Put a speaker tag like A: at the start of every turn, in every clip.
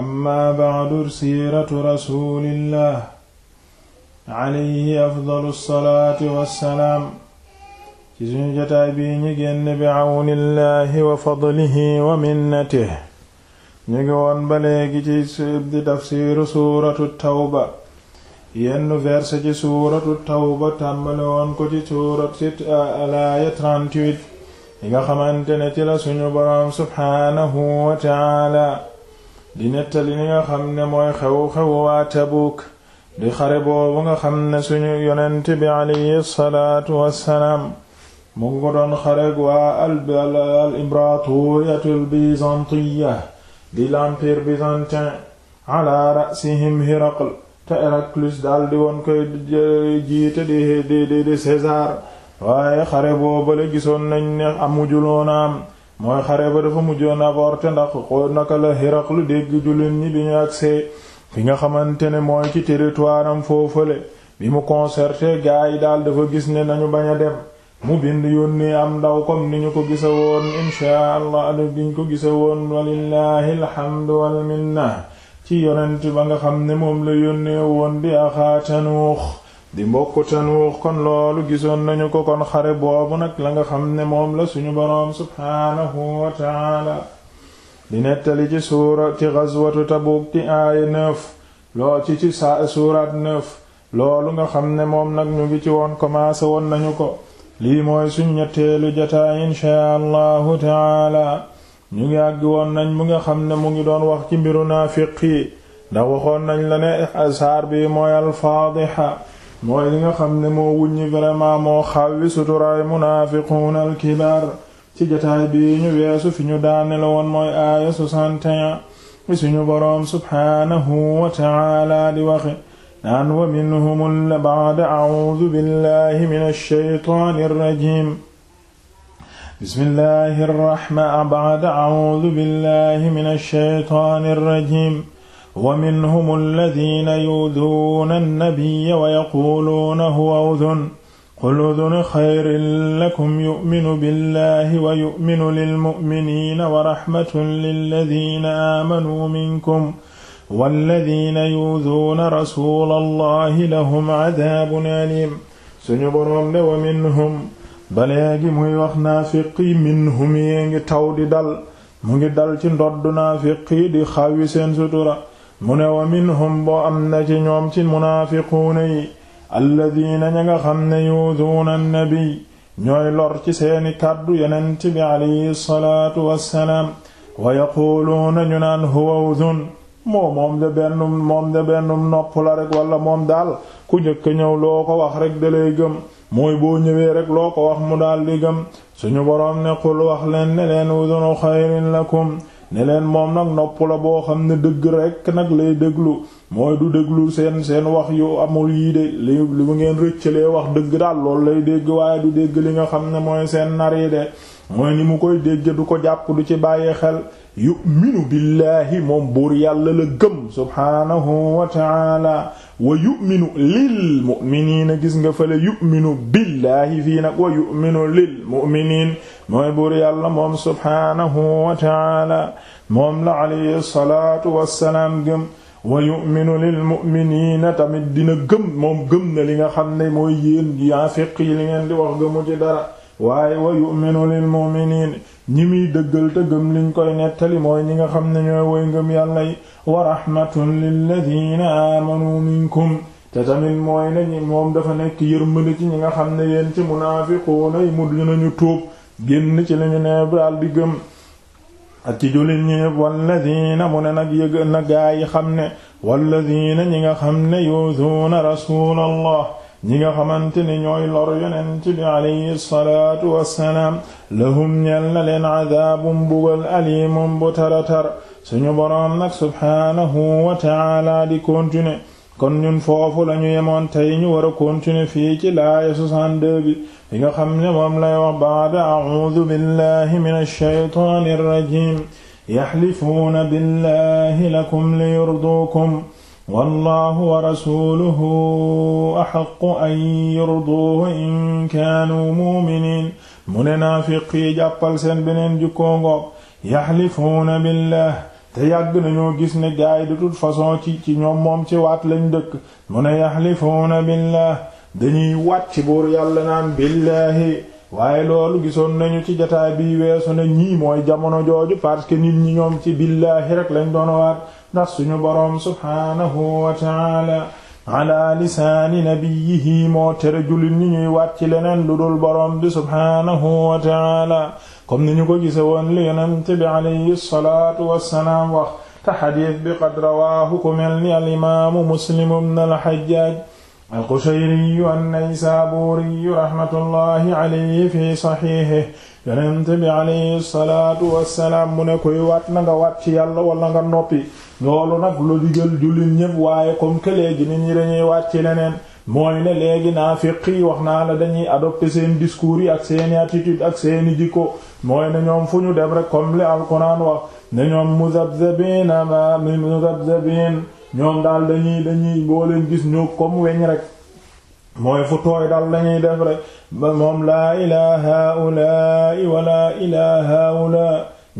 A: amma bacdu siiratu rasulillah alayhi afdalu salaatu wassalaam ci suñu jotaay bii ñi génn bi awnillahi wa fadlihi wa minnatihi ñu ngi woon ba tafsiiru suuratu tawba yenn verset ci suuratu tawba tàmbale woon ko ci suurat ci laaya 38 yi nga xamante ne ci la suñu boroom subhaanahu wa taala di nettali li nga xam ne mooy xew-xewu waa Tabuuk di xare boobu nga xam ne suñu yonent bi alayhi salaatu wassalaam mu ngi ko doon al imbratoriyatul byzantiya di l'empire byzantin ala rasihim Hiraql te Héraclius daldi woon koy jiite di di waaye xare boobale gisoon nañ ne mooy xare ba dafa mujjoon avorté ndax ko naka la Hiraqlu dégg jullit ñi bi ñu agsee fi nga xamante ne mooy ci territoire am foofale bi mu concerté gaa yi daal dafa gis ne nañu bañ a dem mu bind yónnee am ndaw comme ni ñu ko gisa woon inchaa allah adu giñ ko gisa woon walillahi alhamdu wal minna ci yonent ba nga xam ne moom la yónnee woon di axaatanuux di mbokk Tanuux kon loolu gisoon nañu ko kon xare boobu nag la nga xam ne moom la suñu boroom subhaanahu wa taala di nettali ci suura ci gazwatu Tabuk ci aaya neuf loo ci ci saa suuraat loolu nga xam ne moom nag ñu ngi ci woon commencé woon nañu ko lii mooy suñ ñetteelu jataa inchaa allahu taala ñu ngi àgg woon nañ mu nga xam ne mu ngi doon wax ci mbiru naafiq yi ndax waxoon nañ la ne saar bi mooy al mooy li nga xam ne moo wuññi vraiment moo xawwi suturaay munaafiquuna alkibaar ci jotaay bi ñu weesu fi ñu daane la woon mooy aaya 61 bi suñu boroom subhaanahu wa ta'aala di waxe naan wa minhum la ba'da a'uudu billahi minash shaytaanir rajiim bismillahir rahmaani ba'da a'uudu billahi minash shaytaanir rajiim wa minhum alladina yuduuna annabiya wa yaquuluuna huwa udun qul udun xayrin lakum yuminu billahi wa yuminu lilmuminina wa raxmatun lilladina aamanuu minkum walladina yuduuna rasula allahi lahum cadaabun alim suñu boroom de wa minhum ba léegi muy wax naafiq yi minhum yee ngi taw di dal mu ngi dal ci ndodd naafiq yi di xawi seen sutura mu ne wa minhum boo am na ci ñoom ci munaafiquuna yi alladiina ña nga xam ne yuuduuna ñooy lor ci seeni kàddu yonent bi alayhi salaatu wassalaam wa yaquuluuna ñu naan huwa udhun moo moom de bennum moom de bennum wala moom daal ku njëkk ñëw loo ko wax rek dalay gëm mooy boo ñëwee rek loo ko wax mu daal di gëm suñu boroom ne qul wax leen leen udhunu xayrin lakum ne leen moom nag nopp la boo xam ne dëgg rekk nag lay déglu mooy du déglu seen seen wax yu amul yii de li li mu ngeen rëccalee wax dëgg daal lool lay dégg waaye du dégg li nga xam ne mooy seen nar yi de mooy ni mu koy dégg du ko jàpp du ci bàyyi xel yuminu billaahi moom buur yàlla la gëm subhaanahu wa taala wa yuminu lil mu'miniina gis nga fële yuminu billaahi fii nag wa yuminu lil mu'miniin mooy buur yàlla moom subhaanahu wa taala moom la alayhi salaatu wassalaam gëm wa yu'minu lil mu'miniina tamit dina gëm moom gëm na li nga xam ne mooy yéen yaafiq yi li ngeen di wax gëmu ci dara waaye wa yu'minu lil mu'miniina ñi muy dëggal te gëm liñ koy nettali mooy ñi nga xam ne ñooy woy ngëm yàlla yi wa rahmatun lilladiina aamanu minkum te tamit mooy ne ñi moom dafa nekk yërmande ci ñi nga xam ne yéen ci munaafiquuna yi mu dinañu tuub génn ci li ñu ne daal ak ci jullit ñi ñëpp walladina nag yëg na gaa yi xam ne walladina ñi nga xam ne yuuzuuna rasuulallah ñi nga xamante ne ñooy lor yonent bi alayhi salaatu wassalaam lahum ñel na leen adaabum bugal alimum bu taratar suñu boroom nag subhaanahu wa taala di continuer kon ñun foofu lañu yemoon tey ñu war a fii ci laaya 62 bi li nga xam ne moom lay wax baada a'uudu billahi minash shaytaanir rajiim yaxlifuuna billahi lakum liyurduukum wallaahu wa rasuuluhu axaqqu an yurduuhu in kaanuu mu'miniin mu ne naafiq yi jàppal seen beneen jukkoo ngoog yaxlifuuna billah te yàgg nañoo gis ne gaay de toute façon ci ci ñoom moom ci waat lañ dëkk mu ne yaxlifuuna billah dañuy wàcc buur yàlla naan billaahi waaye loolu gisoon nañu ci jataay bi weesu na ñii mooy jamono jooju parce que nit ñi ñoom ci billaahi rek lañ doon waat ndax suñu borom subhaanahu wa taala ala lisaani nabiyihi moo tere jullit ñi ñuy waat ci leneen lu dul boroom bi subhaanahu wa taala comme ni ñu ko gise woon li yonent bi alayhi salaatu wassalaam wax te xadiis bi qad rawaahu ku mel ni al imaamu muslim ibn al hajjaaj alqushayriyu annaysaabuuriyu raxmatullahi alayhi fi saxiixi yonent bi alayhi salaatu wassalaam mu ne koy waat na nga waat ci yàlla wala nga noppi loolu nag lu digal jullit ñépp waaye comme que léegi nit ñi dañuy waat ci leneen mooy ne léegi naafiq yi wax naa la dañuy adopté seen discours yi ak seeni attitude ak seeni jikko mooy ñoom fu ñu dem rek comme li alquran wax ne ñoom muzabzabiina ma muzabzabiin ñoom daal dañuy dañuy boo leen gis ñu comme weñ rek mooy fu tooy daal lañuy def rek ba moom laa ilaa haulai wala ilaa haula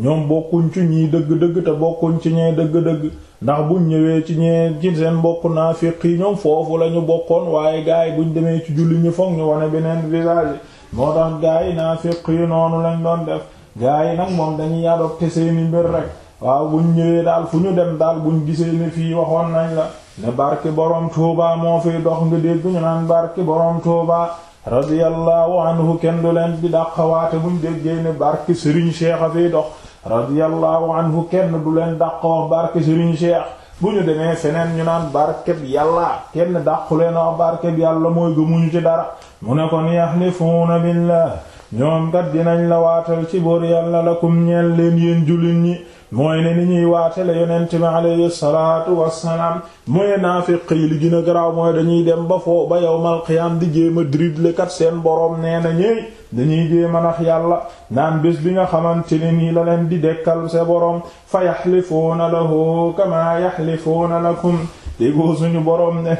A: ñoom bokkuñ ci ñii dëgg-dëgg te bokkuñ ci ñee dëgg-dëgg ndax bu ñëwee ci ñee ci seen bokk naa féq yi ñoom foofu la ñu bokkoon waaye gaay yi buñ demee ci julli ñu foog ñu wane beneen visage moo tax gaay yi naa féq noonu lañ doon def gaay nag moom dañuy adopté seeni mbir rek waaw buñ ñëwee daal fu ñu dem daal buñ gisee ne fii waxoon nañ la ne barke boroom Tuuba moo fiy dox nga dégg ñu naan barke boroom Tuuba radiyallahu anhu kenn du leen di dàqawaate buñ déggee ne barke Serigne Cheikh a fiy dox radiyallahu anhu kenn du leen dàq wax barke Serigne Cheikh bu ñu demee feneen ñu naan barkeb yàlla kenn dàqu leen wax barkeb yàlla mooy gëmuñu ci dara mu ne kon yaxlifuuna billah ñoom kat dinañ la waatal ci boor yàlla la ñeel leen yéen jullit ñi mooy ne ni ñuy waatele yonent bi alayhi salaatu wassalaam mooy naafiq yi li gën a garaaw dañuy dem ba foo ba yawmal qiyaam di jéem a dribble kat seen boroom ne na ñéy dañuy jéem a nax yàlla naan bés bi nga xamante ne nii la leen di dekkal sa boroom fa yaxlifuuna lahu kama yaxlifuuna lakum déggoo suñu boroom ne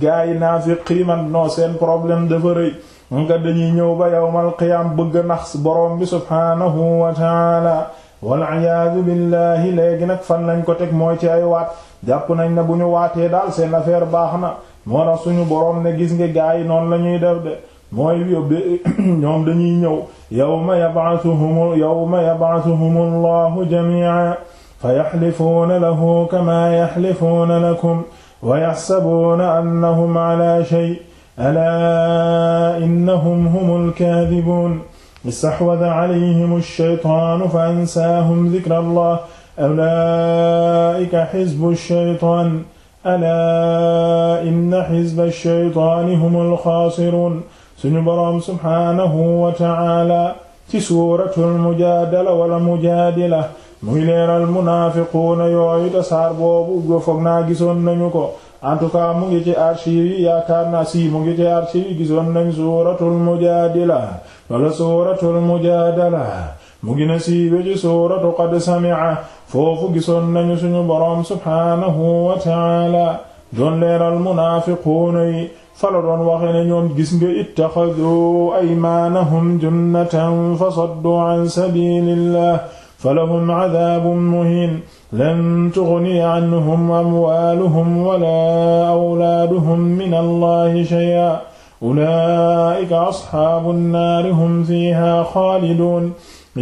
A: gaa yi naafiq yi man non seen problème dafa rëy nga dañuy ñëw ba yawmal qiyaam bëgg a nax boroom bi subhaanahu wa taala walla iyaadu billahi léegi nag fan lañ ko teg mooy ci ay waat jàpp nañ ne bu ñu waatee daal seen affaire baax na moo tax suñu boroom ne gis nga gaa yi noonu la ñuy def de mooy yóbbee ñoom dañuy ñëw yawma yab'athuhum yawma yab'athuhum allahu jamii'an fa yaxlifuuna lahu kamaa yaxlifuuna lakum wa yaxsabuuna annahum alaa shay alaa innahum humul kaadibuun istaxwada calayhim alsheytaanu fa ansaahum dikra allah ulaaika xisbu sheytaan alaa inna xisba sheytaani hum alxaasiruun suñu boroom subxaanahu wa tacaala ci suuratul mujaadala wala mujaadila muy leeral munaafiquuna yooyu tasaar boobu foog naa gisoon nañu ko en tout cas mu ngi ci archive yi yaakaar naa si mu ngi ci archive yi gisoon nañ suuratul mujaadila wala suuratul mujaadala mu gina siiwe suuratu qad sami'a foofu gisoon nañu suñu boroom subhaanahu wa ta'ala doon leeral munaafiquuna yi fala doon waxe ne ñoom gis nga ittaxadu aymaanahum junnatan falahum cadaabun muhiin lan tughniya canhum amwaaluhum walaa awlaaduhum min allahi shay'an ulaa'ika asxaabu nnaari hum fiihaa xaaliduun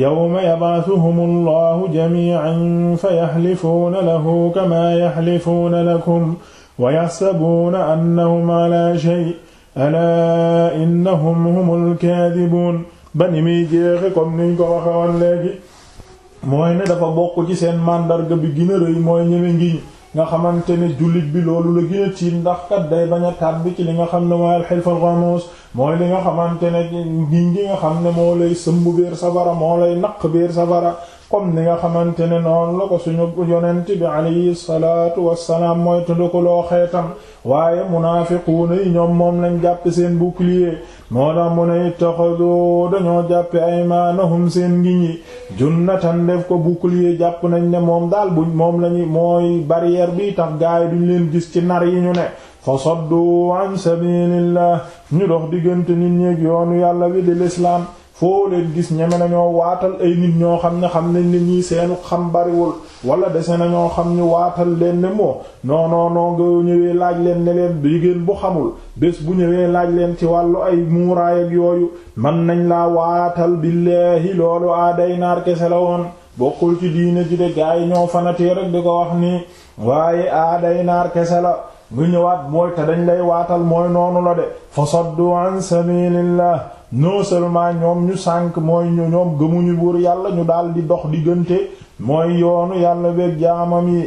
A: yawma yabcasuhum allahu jamiican fayahlifuuna lahu kamaa yahlifuuna lakum wa yaxsabuuna annahum calaa shay alaa innahum humul kaadibuun ba ni muy jeexe comme niñ ko waxe woon léegi mooy ne dafa bokk ci seen màndarga bi gën a rëy mooy ñeme ngiñ nga xamante ne jullit bi loolu la gën a tiit ndax kat day bañ a bi ci li nga xam ne mooy alxilfal xamuus mooy li nga xamante ne ngiñ gi nga xam ne moo lay sëmb biir safara moo lay naq biir safara comme ni nga xamante ne noonu la ko suñu yonent bi alayhi salaatu wassalaam mooy tundakaloo xeetam waaye munaafiquuna yi ñoom moom lañ jàpp seen bouclier moo tax mu ne ittaxadoo dañoo jàppe aymaanahum seen ngiñ yi junnatan def ko bouclier jàpp nañ ne moom daal buñ moom lañu mooy barrière bi tax gaay duñ leen gis ci nar yi ñu ne fa saddu an sabilillah ñu dox diggante nit ñeeg yoonu yàlla wi di lislaam foo leen gis ñeme nañoo waatal ay nit ñoo xam ne xam nañ ne ñii seenu xam bariwul wala dese na ñoo xam ñu waatal leen ne moo non non non nga laaj leen ne leen jigéen bu xamul bés bu ñëwee laaj leen ci wàllu ay muuraay ak yooyu man nañ laa waatal billaahi loolu aaday naar kese la woon bokkul ci diine ji de gaay ñoo fanatee rek di ko waaye aaday naar kese la nga ñëwaat mooy te dañ waatal mooy noonu la de fa saddu non seulement ñoom ñu sànk mooy ñu ñoom gëmuñu buur yàlla ñu daal di dox diggante mooy yoonu yàlla beeg jaamam yi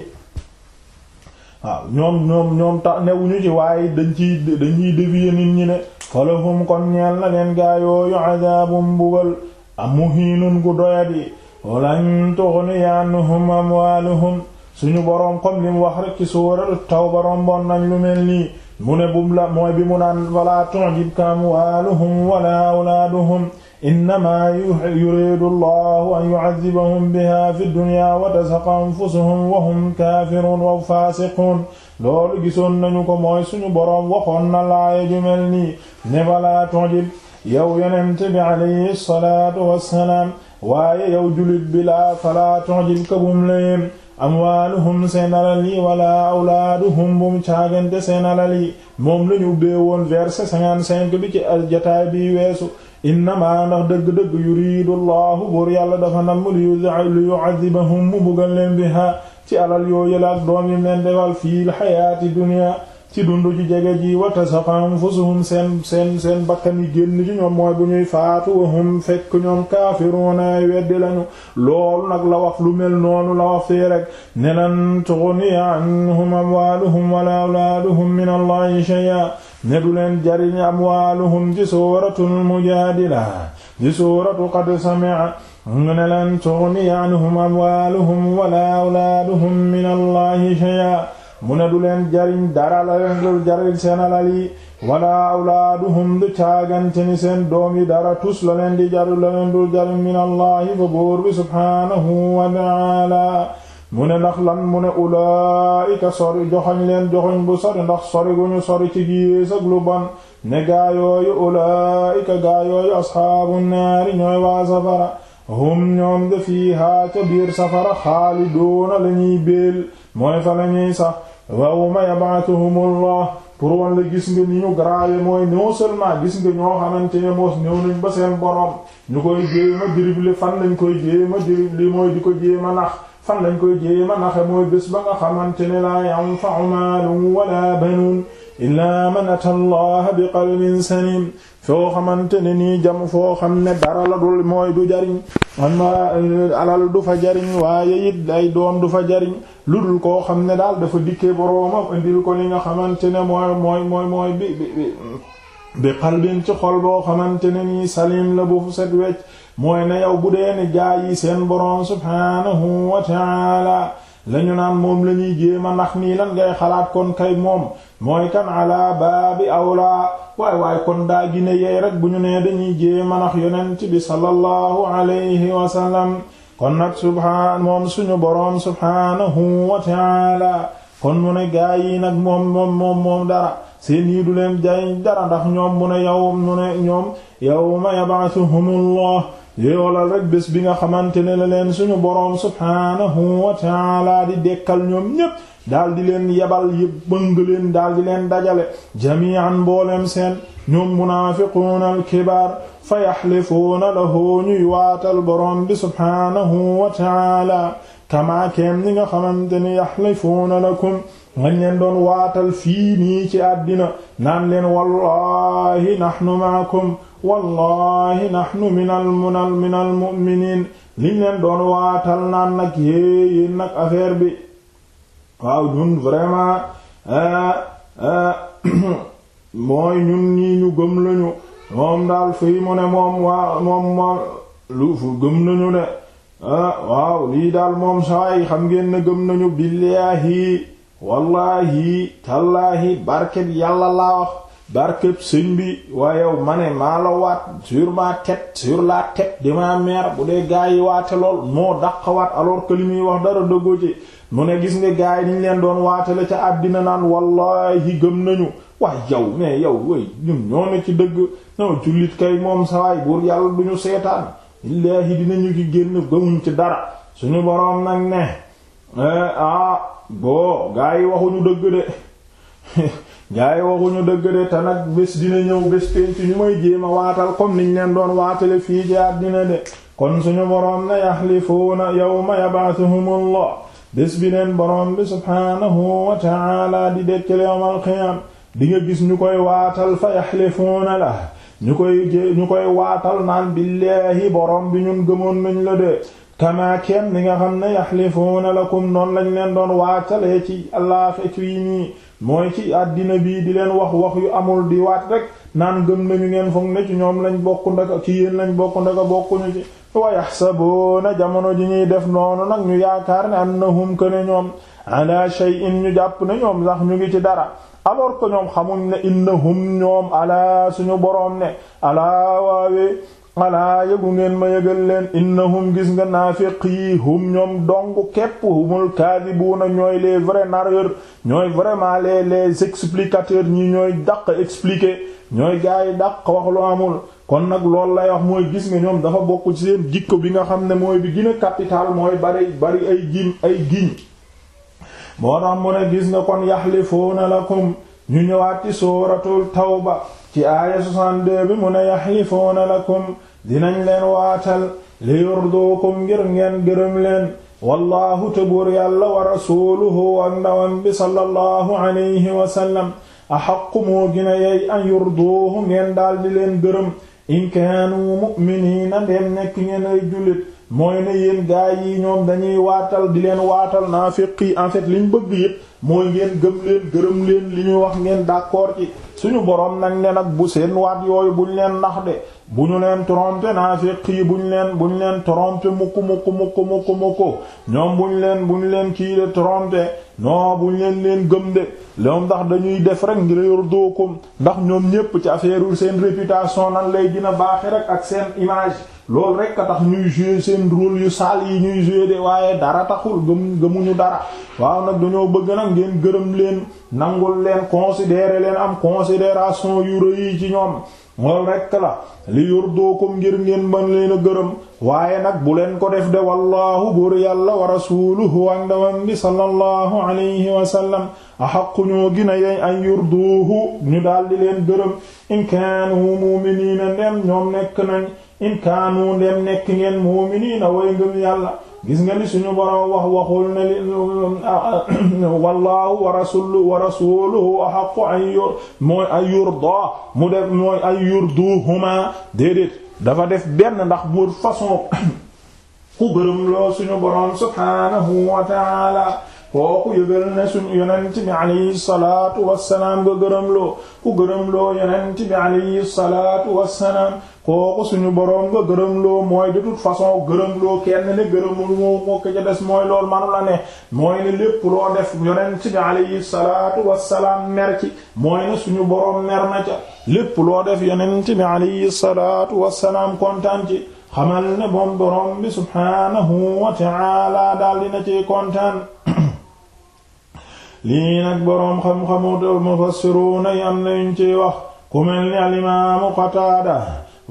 A: waaw ñoom ñoom ñoom ta newuñu ci waaye dañ ciy dañuy dévier nit ñi ne falahum kon ñeel na leen gaa yooyu adabum mbugal amuhiinun gu doyadi walan tughni anhum amwaluhum suñu boroom comme li wax rek ci suuratul tawba romboon nañ lu mel nii mu ne bum la mooy bi mu naan walaa tu'jibka amwaaluhum walaa awlaaduhum innamaa yuriidu allahu an yu'adhibahum biha fi dunya wa tazhaqa anfusuhum wa hum kaafiruun wa faasiquun loolu gisoon nañu ko mooy suñu boroom waxoon na laaya ju mel nii ne walaa tu'jib yow yonent bi alayhi salaatu wassalaam waaye yow julit bi laa falaa tu'jibka bum leen amwaaluhum seen alal yi wala awlaaduhum bu mu caagante seen alal yi moom lañu ubbee woon verset 55 bi ci aljataay bi weesu innamaa ndax dëgg-dëgg yuriidu llahu buur yàlla dafa namm li yu'adhibahum mu bugal leen biha ci alal yoo fii l xayaati dunya ci dund ji jege ji wa tasaqa anfusuhum seen seen seen bakkan yi génn ci ñoom mooy bu ñuy faatu wahum fekk ñoom kaafiruuna ay weddi lañu loolu nag la wax lu mel noonu la wax fii rek ne lan tughniya anhum amwaaluhum wala awlaaduhum min allahi shay'a ne du leen jariñ amwaaluhum ci suuratul mujaadila ci suuratu qad sami'a ne lan tughniya amwaaluhum wala awlaaduhum min allahi shay'a mu du leen jariñ dara la leen dul jariñ seen alal yi wala awlaaduhum du caagante ni seen doom yi dara tus la leen di jaru la leen dul jariñ min allahi fa buur bi subhaanahu wa taala mu ne ndax lan mu ne ulaayika sori joxoñ leen joxoñ bu sori ndax sori gu ñu sori ci giis ak lu bon ne gaayooyu ulaayika gaayooyu asxaabu naari ñooy waa safara hum ñoom de fiihaa ca biir safara xaaliduuna la ñuy béel mooy fa la ñuy sax wa yawma yab'athuhumullah pour wan la gis nga ni ñu grave mooy non seulement gis nga ñoo xamante ne moos ñëw nañ ba seen borom ñu koy jéema dribbler fan lañ koy jéema dribbler mooy di ko jéema nax fan lañ koy jéema naxe mooy bés ba nga xamante ne laa yanfa'u maalun wala banuun illaa man ata allaha bi qalbin salim foo xamante ne nii jam foo xam ne dara la dul mooy du jariñ amma euh, alal du fa jariñ waaye it day doon du fa jariñ lu dul koo xam ne daal dafa dikkee boroomam indil ko li nga xamante ne mooy mooy mooy mooy bi bi bi bi xalbin ci xol boo xamante ne nii salim la bu fu set wecc mooy ne yow bu dee ne gaa yi seen boroom subhaanahu wa lañu naan moom la ñuy jéem a nax nii lan ngay xalaat kon kay moom mooy kan ala baabi awlaa waay waay kon daa gine yey rek bu ñu nee dañuy jéem a nax yonent bi sallallahu alayhi wa sallam kon nag subhaan moom suñu boroom subhaanahu wa taala kon mu ne gaa yi nag moom moom moom moom dara seen yi du leen jay dara ndax ñoom mu ne yow mu ne ñoom yawma yab'athuhumullah yoolal rek bés bi nga xamante ne la leen suñu boroom subhaanahu wa ta'ala di dekkal ñoom ñépp daal di leen yebal yëpp bëng leen daal di leen dajale jami'an mboolem seen ñoom munaafiquuna alkibaar fa yaxlifuuna lahu ñuy waatal borom bi subhaanahu wa ta'ala kamaa keem ni nga xamante ne yaxlifuuna lakum wañ leen doon waatal fii nii ci àddina naan leen wallahi nahnu ma'akum wallahi nahnu minal munal minal mu'miniin liñ leen doon waatal naan nag yée yéen nag affaire bi waaw ñun vraiment euh, euh, mooy ñun ñii ñu gëm lañu moom daal fii mu ne moom waa moom moom lu fu gëm nañu ne ah, waaw lii daal moom saay xam ngeen ne gëm nañu billaahi wallaahi tallaahi barket yàlla laa wax barkeb sëñ bi waa yow ma ne maa la waat sur ma tête sur la tête de ma mère bu dee gaa yi waate lool moo daq waat alors que li muy wax dara dëggoo ci mu ne gis nga gaa yi niñ leen doon waatale ca àddina naan wallahi gëm nañu waaye yow mais yow way ñun ñoo ne ci dëgg ñoo jullit kay moom sawaay buur yàlla du ñu seetaan illaahi dinañu ki génn gëmuñ ci dara suñu boroom nag ne eh, ah boo gaa yi waxuñu dëgg de gaa yi waxuñu dëgg de te nag bés dina ñëw bés pénc ñu may jéem a waatal comme niñ leen doon waatale fii ci àddina de kon suñu boroom na yaxlifuuna yawma yab'athuhumullah bés bi neen boroom bi subhaanahu wa ta'ala di dekkal yawmal qiyaam di nga gis ñu koy waatal fa yaxlifuuna la ñu koy ñu koy waatal naan billaahi boroom bi ñun gëmoon nañ la de kama kenn li nga xam ne la lakum noonu lañ leen doon waatalee ci allah fekk yi ñii mooy ci àddina bii di leen wax wax yu amul di waat rek naan gëm nañu ngeen foog ne ci ñoom lañ bokk ndaka ci yéen lañ bokk ndaka bokkuñu ci wa yaxsabuuna jamono ji ñuy def noonu nag ñu yaakaar ne annahum que ne ñoom ala shay'in ñu jàpp ne ñoom sax ñu ngi ci dara alors ko ñoom xamuñ ne innahum ñoom ala suñu boroom ne ala waawee alaa yëgu ngeen ma yëgal leen innahum gis nga naafiq yi hum ñoom dong képp humul kaadibuuna ñooy les vrais narreurs ñooy vraiment les les explicateurs ñi ñooy daq expliquer ñooy gaa yi daq wax lu amul kon nag lool lay wax mooy gis nga ñoom dafa bokk ci seen jikko bi nga xam ne mooy bi gën a mooy bari ay giñ ay giñ moo tax mu ne gis nga kon yaxlifuuna lakum ñu ñëwaat ci sooratul ba ci aaya 62 bi mu ne lakum dinañ leen waatal li yurduukum ngir ngeen gërëm leen wallaahu te buur yàlla wa rasuuluhu ak ndawam bi sallallahu alayhi wa sallam axaqu moo an yurduuhu ngeen daldi leen gërëm in kaanu mu'miniina ndem nekk ay jullit mooy ne yéen gaay yi ñoom dañuy waatal di leen waatal naafiq yi en fait liñ bëgg yépp mooy ngeen gëm leen gërëm leen li ñuy wax ngeen d'accord ci suñu boroom nag ne nag bu seen waat yooyu buñ leen nax de bu ñu leen tromper naafiq yi buñ leen buñ leen tromper mukku mukku mukku mukku mukku ñoom buñ leen buñ leen kii de tromper bu buñ leen leen gëm de loom ndax dañuy def rek ngir yor dookum ndax ñoom ñépp ci affaire seen réputation nan lay dina baaxe rek ak seen image loolu rek a tax ñuy jouer seen rôle yu sale yi ñuy jouer de waaye dara taxul gëm gëmuñu dara waaw nag dañoo bëgg nag ngeen gërëm leen nangul leen considérer leen am considération yu rëy ci ñoom loolu rekk la li yor dookum ngir ngeen mën leen a gërëm waaye nag bu leen ko def de wallaahu buur yàlla wa rasuluhu ak ndawam bi sallallahu alayhi wa sallam axaqu ñoo gina yey ay yurduuhu ñu daal di leen gërëm in kaanu mu'miniina ndem ñoom nekk nañ in kaanu dem nekk ngeen mu'miniina way ngëm yàlla gis nga li suñu boroom wax waxul ne li wallahu wa rasuluhu wa rasuluhu ahaqqu an yur mooy ay yurda mu def mooy ay yurduhuma déedéet dafa def benn ndax bu façon ku gërëm loo suñu boroom subhanahu wa ta'ala kooku yëgal ne suñu yonent bi alayhi salaatu wassalaam nga gërëmloo ku gërëmloo yonent bi alayhi salaatu wassalaam kooku suñu boroom nga gërëmloo mooy de toute façon gërëmloo kenn ne gërëmul moo ko ca des mooy loolu manu la ne mooy ne lépp loo def yonent bi alayhi salaatu wassalaam mer ci mooy ne suñu boroom mer na ca lépp loo def yonent bi alayhi salaatu wassalaam kontaan ci xamal ne moom bi subhaanahu wa ta'aala daal dina ci kontaan lii nag boroom xam-xamu mufassiruuna yi am nañ ci wax ku mel ni al imaamu Qataada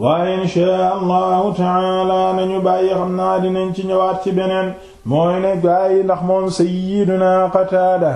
A: waaye inshaa allahu taala nañu bàyyi xam naa dinañ ci ñëwaat ci beneen mooy ndax moom sayyiduna Qataada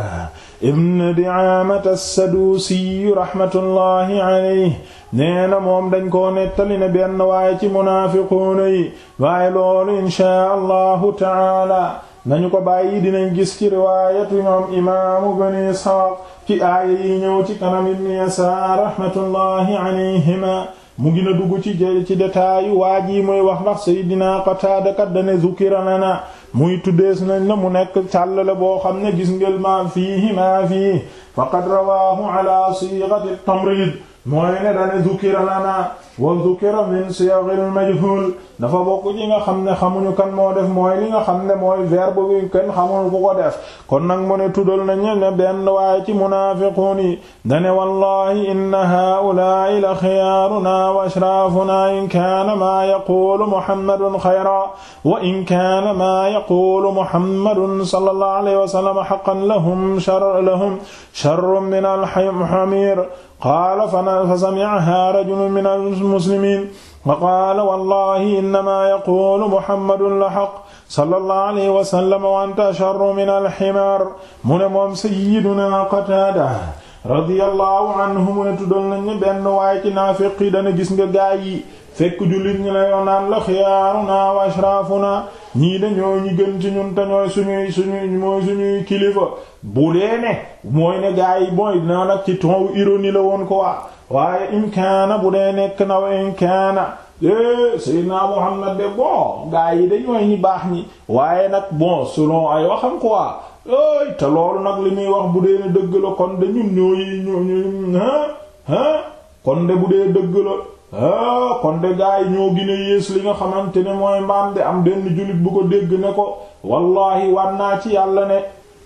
A: ibn Di'aamata as-Saduusi rahmatullahi alayhi nee na moom dañ koo nettali ne benn waaye ci munaafiquuna yi waaye loolu inshaa allahu taala nañu ko bàyyi dinañ gis ci riwaayatu ñoom imaamu ibn Isxaaq ci aaya yi ñëw ci kanam ibn Yasaar rahmatullahi alayhima mu gën a dugg ci ci detaayu waa ji mooy wax ndax Seydina Qataada kat dane zukira lana muy tuddees nañ la mu nekk càllale boo xam ne gis ngel ma fiihi ma fiihi faqad rawaahu ala sighati tamrid mooy ne dane zukira lana wa dhukira min siyaghil majhul dafa bokk ci nga xam ne xamuñu kan moo def mooy li nga xam ne mooy verbe bi kenn xamul ku ko def kon nag mu ne tuddal nañu ne benn waaye ci munaafiquun yi dane wallahi inna haa'ulaa'i la xiyaarunaa wa ashrafunaa in kaana maa yaquulu muhammadun xayra wa in kaana maa yaquulu muhammadun sallallahu alayhi wa sallam haqqan lahum sharrun min al-hamiir qaala fa sami'ahaa rajulun min al-muslimiin fa qaala wallaahi innamaa yaquulu muhammadun la haqq sallallahu alayhi wa sallam wa anta asharru min al-himaar mu ne moom sayyidunaa Qataada radiyallahu anhu mu ne tuddal nañ benn waay ci naafiq yi dana gis nga gaay yi fekk jullit ñi la yoon naan la xiyaaruna wa ashrafuna ñii dañoo ñi gën ci ñun te ñooy suñuy suñuy mooy suñuy kilifa bu dee ne mooy ne gaa yi mooy na nag ci ton ironie la woon ko waa waaye inkaana bu dee nekk na wa inkaana eh Seydina Muhammad de bon gaa yi dañooy ñi baax ni waaye nag bon selon ay waxam quoi ooy te loolu nag li muy wax bu dee ne dëgg la kon de ñun ñooy ñu ñu ah kon de bu dee dëgg la. Ah, kon de gaa yi ñoo gën yées li nga xamante ne mooy mbaam bi am benn jullit bu ko dégg ne ko wallaahi wan naa ci yàlla ne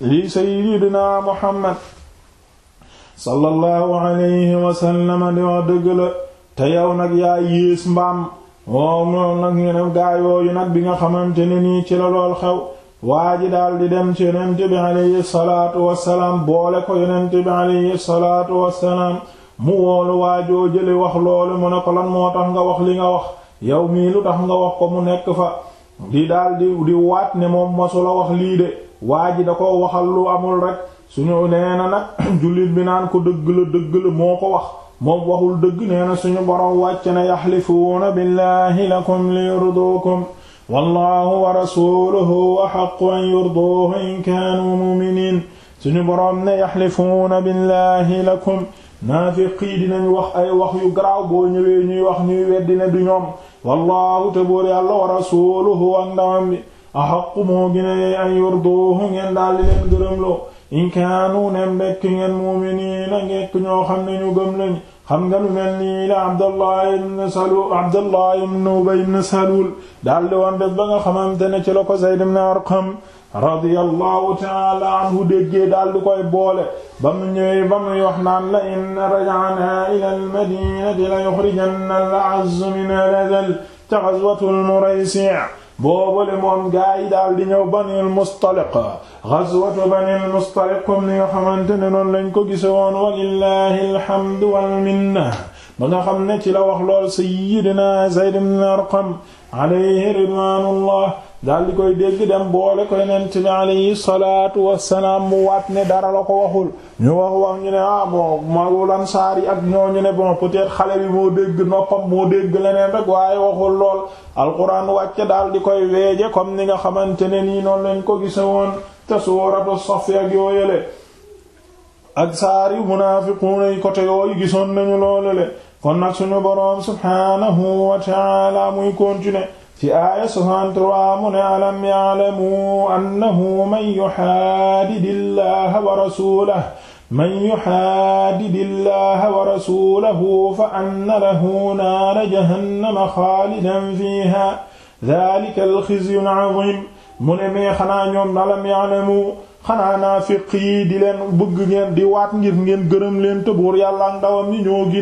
A: lii sayyidina Muhammad sallallahu alayhi wa sallam di wax dëgg la te yow nag yaa yées mbaam moom loolu nag ñu ne gaa yooyu nag bi nga xamante ni nii ci la lool xew waa ji daal di dem ci yonent bi alayhi salaatu wa salaam boole ko yonent bi alayhi salaatu wa salaam. mu woolu waajoo jële wax loolu mu ne ko lan moo tax nga wax li nga wax yow mii lu tax nga wax ko mu nekk fa di daal di di waat ne moom masula wax lii de waa ji da ko waxal lu amul rek suñu nee na nag jullit bi naan ko dëgg la dëgg la moo ko wax moom waxul dëgg nee na suñu borom wàcc na yaxlifuuna billahi lakum li yurduukum wallahu wa rasuluhu wa haqqu an yurduuhu in kaanu muminin suñu borom ne yaxlifuuna billahi lakum naafiqi dinañu wax ay wax yu garaaw boo ñëwee ñuy wax ñuy weddi ne du ñoom wallaahu te boor yàlla wa rasuluhu ak ndawam bi axaqu moo gina yey an yurduhu ngeen daaldi leen gërëmloo in kaanu nem nekk ngeen mu'miniina ngekk ñoo xam ne ñu gëm lañ xam nga lu mel nii la Abdallah ibn Salul Abdallah ibn Ubay ibn Salul daaldi woon def ba nga xamante ne ci la ko Zayd ibn Arqam radiyallahu taala anhu déggee daal di koy boole ba mu ñëwee ba muy wax naan la in raja'naa ila al-madinati la yuxrijanna al-a'azzu min al-adall ca ghazwatul muraysi' boobale moom gaa yi daal di ñëw banil mustaliq ghazwatu banil mustaliq comme ni nga xamante ne noonu lañ ko gise woon walillahi alhamdu wal minna ba nga xam ne ci la wax lool sayyidina zayd ibn arqam alayhi ridwanullah daal di koy dégg dem boole ko yonent bi alayhi salaatu wassalaam mu waat ne dara la ko waxul ñu wax wax ñu ne ah bon yi ak ñooñu ne bon peut-être xale bi dégg noppam moo dégg leneen rek waaye waxul lool alquran wàcce daal di koy weeje comme ni nga xamante ne nii noonu lañ ko gise woon te suuratu Saff ak yooyale ak saari munaafiquuna yi côté yooyu gisoon nañu loolale kon sunu suñu boroom subhaanahu wa muy continuer ci aaya 63 mu ne alam ya'lamu annahu man yuhaadidi llaha wa rasulahu man yuhaadidi llaha wa rasulahu fa anna lahu naara jahannama xaalidan al-xizyu al-'aziim mu alam ya'lamu xanaa naafiq yi di leen bëgg ngeen di waat ngir ngeen gërëm leen te yàlla ndawam ñi ñoo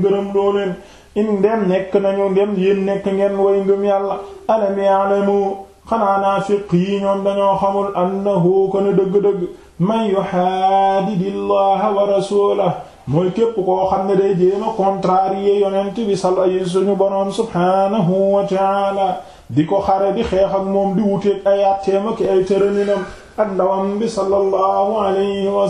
A: gën in ndem nekk nañu ndem yéen nekk ngeen way ngëm yàlla alam ya'lamu xanaa naafiq yi ñoom dañoo xamul annahu ko ne dëgg-dëgg man yuhaadidillaha wa rasulahu mooy képp koo xam ne day jéem a contrarier yonent bi sala yi suñu boroom subhanahu wa ta'ala di ko xare di xeex ak moom di wuteeg ay atteem ak ay tëraninam ak ndawam bi sallallahu alayhi wa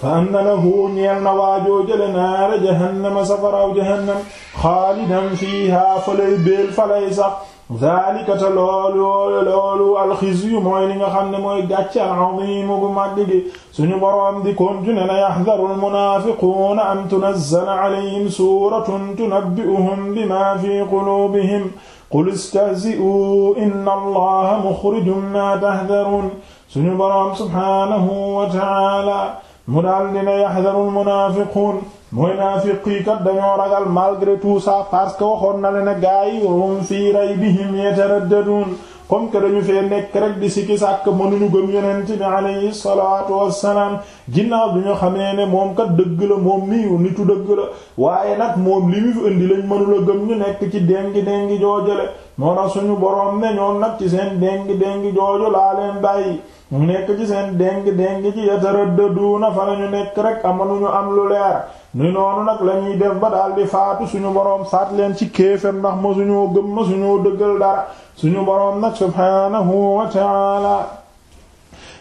A: fa anna lahu ñeel na waajoo jële naara jahannama safaraw jahannam xaalidan fiihaa falay béel falay sax daalika te loolu loolu alxisyu mooy li nga xam ne mooy gàcce aladimu gu màgg gi suñu boroom di kontine na yaxdaru almunaafiquuna an tunazzala alayhim suuratun tunabbi'uhum bimaa fi quluubihim qul istahzi'uu inna allaha muxrijum maa tahdaruun suñu boroom subhaanahu wa ta'aala mu daal dina yaxdarul munaafiquun mooy naafiqi kat dañoo ragal malgré tout ça parce que waxoon na le ne gaa yi hum fii raybihim yataraddadun comme que dañu fee nekk rek di sikki sàkk mënuñu gëm yonent bi alayhi salaatu wassalaam ginnaaw bi ñu xamee ne moom kat dëgg la moom nii nitu dëgg la waaye nag moom li mu fi indi lañ mënula gëm ñu nekk ci dengi dengi joojale moo na suñu boroom ne ñoom nag ci seen dengi dengi jooju laa leen bàyyi ñu nekk ci seen déng-déng ci yataraddaduuna fa lañu nekk rek amanuñu am lu leer ni noonu nag lañuy ñuy def ba di faatu suñu boroom faat leen ci kéefér ndax ma suñoo gëm ma suñoo dëggal dara suñu boroom nag subhaanahu wa ta'ala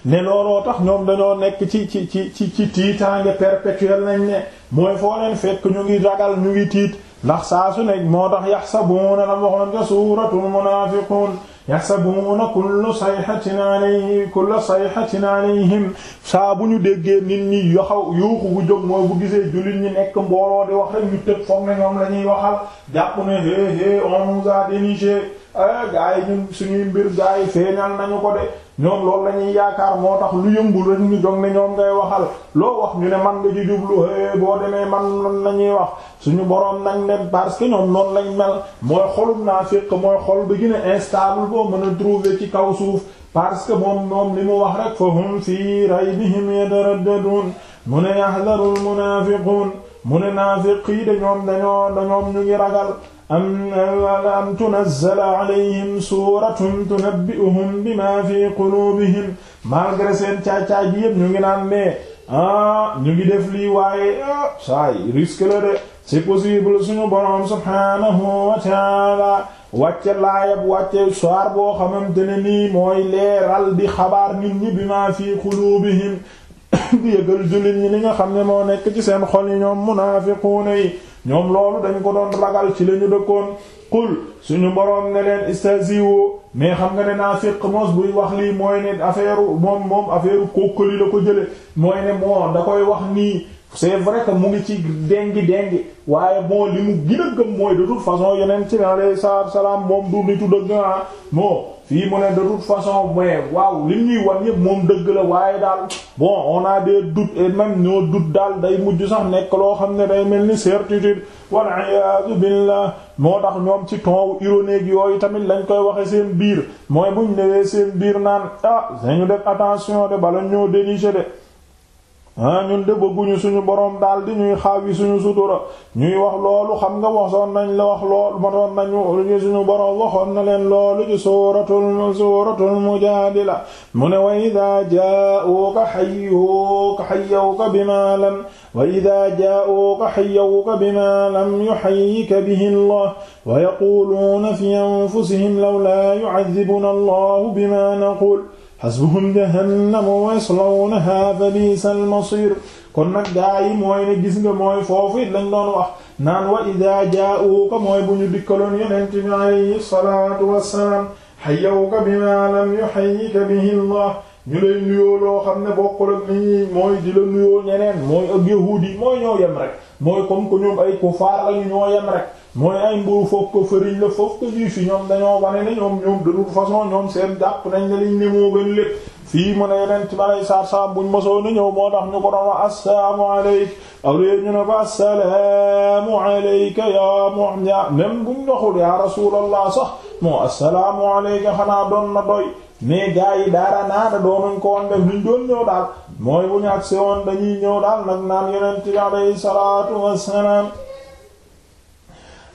A: ne looloo tax ñoom dañoo nekk ci ci ci ci ci tiitaange perpétuel nañ ne mooy foo leen fekk ñu ngi ragal ñu ngi tiit ndax saa su nekk moo tax sa yaxsabuuna la waxoon ca suuratul munaafiquun yaxsabuuna kullu sayxatin alayhi kullu sayxatin alayhim saa bu ñu déggee nit ñi yoxaw yuuxu gu jóg mooy bu gisee jullit ñi nekk mbooloo di wax rek ñu tëb foog na ñoom la ñuy waxal jàpp ne hé hé on nous a déniché ah, gaay ñun suñuy mbir gaay feeñal nañu ko de ñoom loolu la ñuy yaakaar moo tax lu yëngul rek ñu jog ne ñoom ngay waxal loo wax ñu ne man nga ci jublu boo demee man man la ñuy wax suñu boroom nañ ne parce que ñoom noonu lañ mel mooy xolum naa fekk mooy xol bi gën a instable boo mën a trouver ci kaw suuf parce que moom moom li mu wax rek fa hum fii raybihim yataraddadun mu ne yahdarul munaafiqun mu ne naafiq yi de ñoom dañoo dañoom ñu ngi ragal am am tunazzala alayhim suuratun tunabbi'uhum bima fi qulubihim malgré seen caacaaj yépp ñu ngi naan ne ah ñu ngi def lii waaye ah saa yi risque la de c'est possible suñu boroom subhaanahu wa ta'ala wàcce laayab wàcce soir boo xamante ne nii mooy leeral di xabaar nit ñi bima fi qulubihim di yëgal jullit ñi li nga xam ne moo nekk ci seen xol yi ñoom munaafiquuna yi ñoom loolu dañu ko doon ragal ci la ñu dëkkoon qul suñu boroom ne leen istaziwu mais xam nga ne naafiq mos buy wax lii mooy ne affaire moom moom affaire kókkali la ko jële mooy ne moo da koy wax nii c'est vrai que mu ngi ci dengi dengi waaye bon li mu gën a gëm mooy de toute façon yeneen ci alayhi salaam moom du nitu dëgg ah non fii mu ne de toute façon mais waaw li ñuy wan yëpp moom dëgg la waaye daal bon on a des doutes et même ñoo doute daal day mujj sax nekk loo xam ne day mel ni certitude wal iyaadu billah moo tax ñoom ci ton ironique yooyu tamit lañ koy waxe seen biir mooy buñ newee seen biir naan ah dañu def attention de bala ñoo dénicher de ah ñun de bëgguñu suñu borom daal di ñuy xaawi suñu sutura ñuy wax loolu xam nga waxoon nañ la wax loolu matoon nañu suñu borom waxoon na leen loolu ci suuratul suuratul mujaadila mu ne wa idaa jaa'uuka hayyuuka hayyawka bimaa lam wa idaa jaa'uuka hayyawka bimaa lam yuhayyika bihi Allah wa yaquuluuna fi anfusihim lawlaa yu'adhibunaa Allahu bimaa naquulu hasbuhum jahannamu yaslawnaha fa bi'sal masiir kon nag gaa yi mooy ne gis nga mooy foofu it lañ doon wax naan wa idaa jaa'uuka mooy bu ñu dikkaloon yonent bi alayhi salaatu wassalaam hayyawka bimaa lam yuhayyika bihi Allah ñu lay nuyoo loo xam ne bokkul ak ni mooy di la nuyoo ñeneen mooy ak yahuud yi mooy ñoo yem rek mooy comme que ñoom ay kufaar lañu ñoo yem rek mooy ay mburu foog ko fëriñ la foog ko juif yi ñoom dañoo wane ne ñoom ñoom de toute façon ñoom seen jàpp nañ liñ ne moo gën lépp fii mu ne yonent ma lay buñ mosoo na ñëw moo tax ñu ko doon wax assalaamu aleyk awlee ñu ne ko assalaamu aleyka ya muhammad même buñ doxul ya rasuulallah sax moo assalaamu aleyka xanaa doon na doy mais gaa yi daara naana doonuñ ko woon def luñ doon ñëw daal mooy bu ñu agsi woon dañuy ñëw nag naan yonent bi alayhi salaatu wassalaam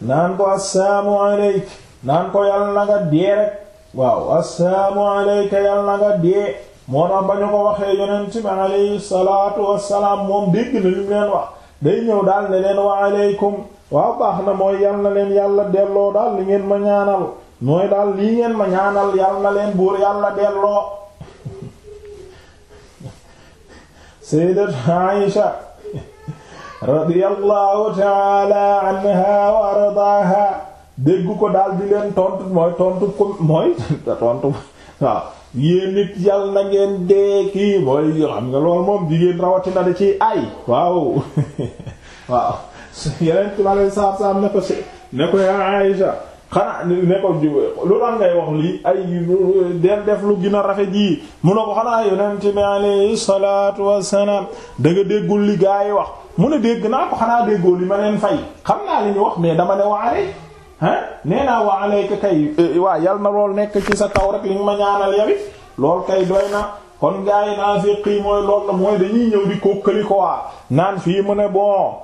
A: naan ko assalaamu alayk naan ko yàlla na nga rek waaw assalaamu alayka yàlla na nga dee moo tax ko waxee yonent bi alayhi salaatu wassalaam moom dégg na lim leen wax day ñëw daal ne leen wa aleykum waaw baax na mooy yal na leen yàlla delloo daal li ngeen ma ñaanal mooy daal lii ngeen ma ñaanal yal na leen buur yàlla delloo sayyidat Aisha radiyallahu taala anha wa ardaaha dégg ko daal di leen tontu mooy tontu ko mooy tontu waaw yéen nit yàlla na ngeen dee kii mooy xam nga loolu moom jigéen rawatina da ci ay waaw waaw yeneen ci ma leen saab saab ne ko si ne ko yaa Aïsha xanaa ne ko lu tax ngay wax li ay den def lu gën a rafet ji mun na ko xanaa yonent bi alayhi salaatu wassalaam da déggul li yi wax. mu ne dégg naa ko xanaa déggoo li ma leen fay xam naa li ñu wax mais dama ne waale ah nee naa waale ka kay eh, waa yal na lool nekk ci sa taw rek li ñu ma ñaanal yawi lool kay doy na kon gaa yi naa fekk mooy lool la mooy dañuy ñëw di kókkali ko waa naan fii mu ne bon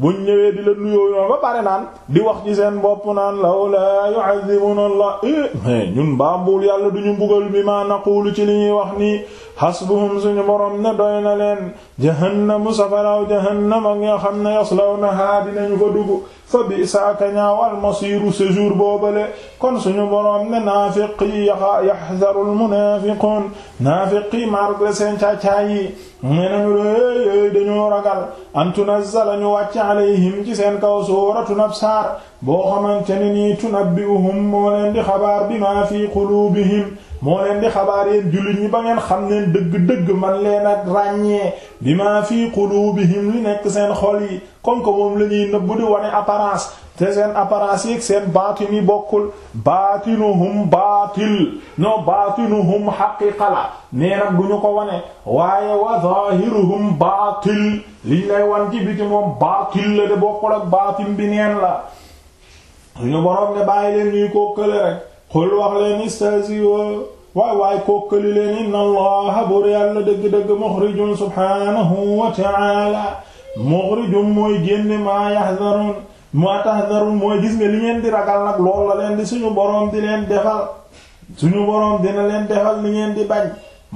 A: buñ ñëwee di la nuyoo yoon ba pare naan di wax ci seen bopp naan law la yu'azzimuna Allah eh, mais ñun bambul du ñu mbugal bi ma naqulu ci li ñuy wax nii hasbuhum suñu borom ne doy na leen jahannamu safaraw jahannam ak nga xam ne yaslawnaha dinañu ko dugg fa saa ka ñaawal masiru séjour boobale kon suñu borom ne naafiqi yaxzarul munaafiqun naafiqi marg seen caacaay yi ne nañu éy éy dañoo ragal an tunazzala ñu wàcc alayhim ci seen kaw sooratun ab saar boo xamante ne nii tunabbi'uhum moo leen di xabaar bi ma fi quluubihim moo leen di xabaar yéen jullit ñi ba ngeen xam ne dëgg-dëgg man leen a ràññee bi maa fii quluubihim li nekk seen xol yi comme que moom la ñuy nëbb di wane apparence te seen apparence yi seen baatin yi bokkul baatinuhum baatil no baatinuhum haqiqa la nee nag du ñu ko wane waaye wa zaahiruhum baatil liñ lay wan ci biti moom baatil la de bokkul ak baatin bi neen la suñu boroom ne bàyyi leen ñuy ko kële rek wax leen istasiwa waay waay kookali leen inna allaha buur yàlla dëgg-dëgg muxrijun subhanahu wa ta'ala muxrijun mooy génne maa yahzarun maa tahzarun mooy gis nga li ngeen di ragal nag lool la leen di suñu boroom di leen defal suñu boroom dina leen defal li ngeen di bañ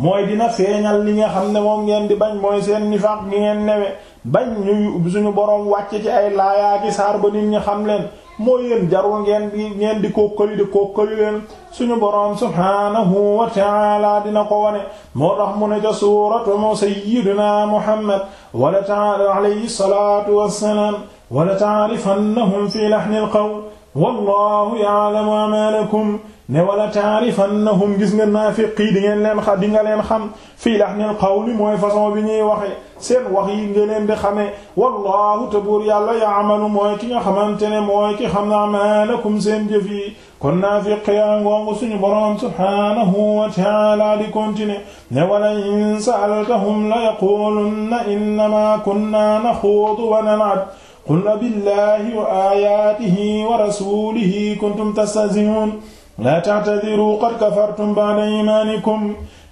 A: mooy dina feeñal li nga xam ne moom ngeen di bañ mooy seen nifaaq gi ngeen newe bañ ñu suñu boroom wàcc ci ay laayaaki saar ba nit ñi xam leen mooy yéen jarul ngeen di ngeen di kookali di kookali leen suñu boroom subhaanahu wa ta'ala dina ko wone moo tax mu ne ca suuratu moo sayyidina Muhammad wala ta'ala alayhi salaatu wassalaam wala ta'rifannahum fi lahnil qawl wallahu ya'lamu a'maalakum ne wala ta'rifannahum gis nga naafiqi di ngeen leen xam di nga leen xam fii lahnil qawli mooy façon bi ñuy waxe seen wax yi nga leen di xamee wallahu te buur yàlla yaamalu mooy ki nga xamante ne mooy ki xam na amaalakum seen jëf yi kon naafiqi yaa ngoongu suñu boroom subhanahu wa ta'ala di continuer ne wala in sa'altahum la yaqulunna innama kunna naxuudu wa nal'ab qul billahi wa ayatihi wa rasulihi kuntum tastahzi'un laa ta'tadiru qad kafartum ba'da iimaanikum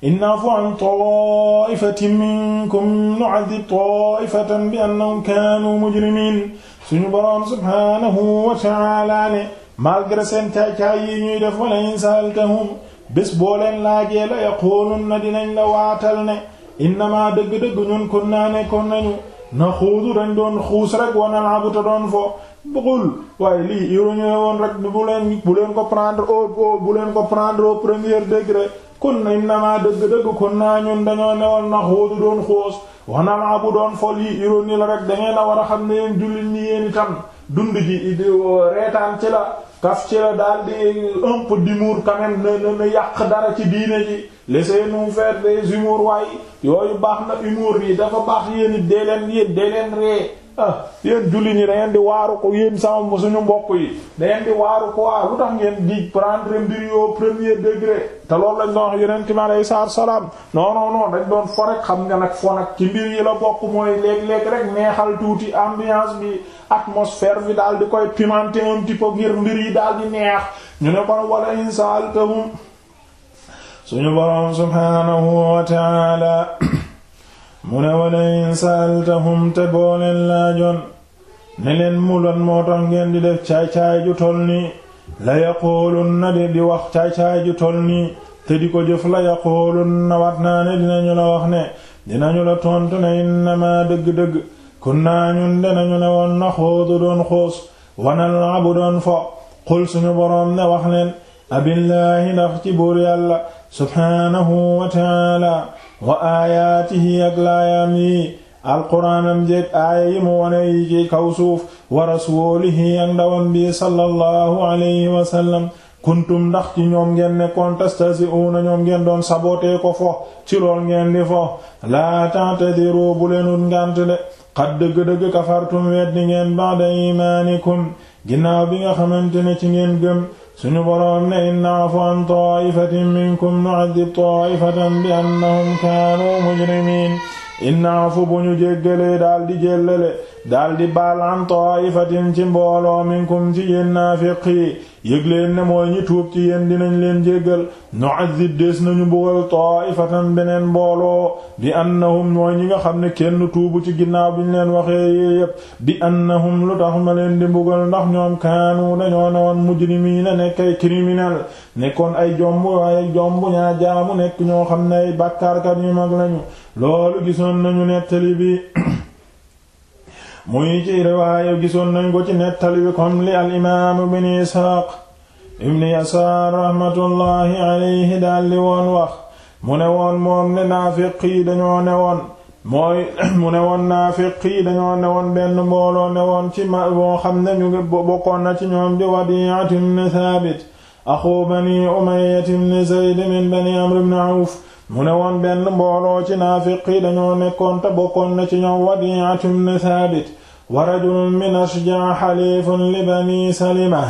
A: in na'fu an taa'ifatin minkum nu'adhib taa'ifatan bi annahum kaanuu mujrimiin suñu boroom subhaanahu wa ta'aala ne malgré seen caay-caay yi ñuy def wala in sa'altahum bés boo leen laajee la yaquulunna dinañ la waatal ne innamaa dëgg-dëgg ñun kunnaa nekkoon nañu na xuudu dañ doon xuus rek wa nal'abu doon fo bëggul waaye lii ironie la woon rek bu leen bu leen ko prendre au bu leen ko prendre au premier degré kon nañ naa dëgg-dëgg kon naa ñun dañoo newoon na xóodu doon xóos wa namaa bu doon fol yi ironie la rek da ngeen a war a xam ne yéen jullit ñi yéen itam dund ji reetaan ci la kaf ci la daal di un peu d'humour quand na na yàq dara ci diine ji laissez-nous faire des humours waaye yooyu baax na humour yi dafa baax yéen it dee leen ree ah yéen julli ñi da di waaru ko yéen sama suñu mbokk yi da ngeen waaru ko waaw lu tax di premier degré te lool lañ doon wax yonent mi alayhi salaatu salaam non non non dañ doon fo xam nga nag fo nag ci mbir yi la bokk mooy léeg-léeg rek neexal tuuti ambiance bi atmosphère bi daal di koy pimenter un petit peu ngir mbir yi daal di neex ñu ne kon wala insaaltahum suñu borom subhaanahu ta'ala mu ne wala in saaltahum te boo leen jon ne leen mu lan moo tax ngeen di def caay-caay ju toll nii la yaqoolunna de di wax caay-caay ju toll nii te di ko jëf la yaqoolunna wat naa ne dinañu la wax ne dinañu la tontu ne innama dëgg-dëgg kunnaa ñun dinañu ne woon na xóodu doon xóos wanalabu doon fo xul suñu boroom ne wax leen abillaahi ndax ci buur yàlla subhaanahu wa taala wa aayaatihi ak laayaam yi alquraanam jeeg aaya yi mu wone yi ci kaw suuf wa rasuulihi ak ndawam bi sallallahu alayhi wa sallam kuntum ndax ci ñoom ngeen nekkoon tastasiuuna ñoom ngeen doon sabootee ko fo ci lool ngeen di fo laa ta'tadiru bu leenut ngànt de xad dëgg-dëgg kafartum weddi ngeen ba'da imaanikum ginnaaw bi nga xamante ci ngeen gëm suñu boroom ne in na'fu an taa'ifatin minkum nu'addib taa'ifatan bi annahum kaanu mujrimiin in na'fu bu ñu jéggalee daal di jéllale dal di baal an taa'ifatin ci mbooloo minkum ci yéen naafiq yëg leen ne mooy ñi tuub ci yéen dinañ leen jéggal nu'azzib des nañu mbugal taa'ifatan beneen mbooloo bi annahum mooy ñi nga xam ne kenn tuubu ci ginnaaw bi ñu leen waxee yee yépp bi annahum lu tax ma leen di mbugal ndax ñoom kaanu dañoo ne woon mujrimiina nekk ay criminel nekkoon ay jomb ay jomb ñaa jaamu nekk ñoo xam ne ay bàkkaarkat yu mag nañu loolu gisoon nañu nettali bi muy ci riwaaya gisoon nañ ko ci nettali bi comme li al imaam ibn Isxaaq ibn Yasaar rahmatullahi alayhi daldi woon wax mu ne woon moom ne naafiq yi dañoo ne woon mooy mu ne woon naafiq yi dañoo ne woon benn mbooloo ne woon ci ma boo xam ne ñu ngi na ci ñoom di Wadii'atu ibn Thaabit axu bani Umayyata ibn Zayd min bani Amr ibn Awf mu ne woon benn mbooloo ci naafiq yi dañoo nekkoon te bokkoon na ci ñoom Wadii'atu ibn Thaabit wa rajulun min ashja xaliifun li bani salima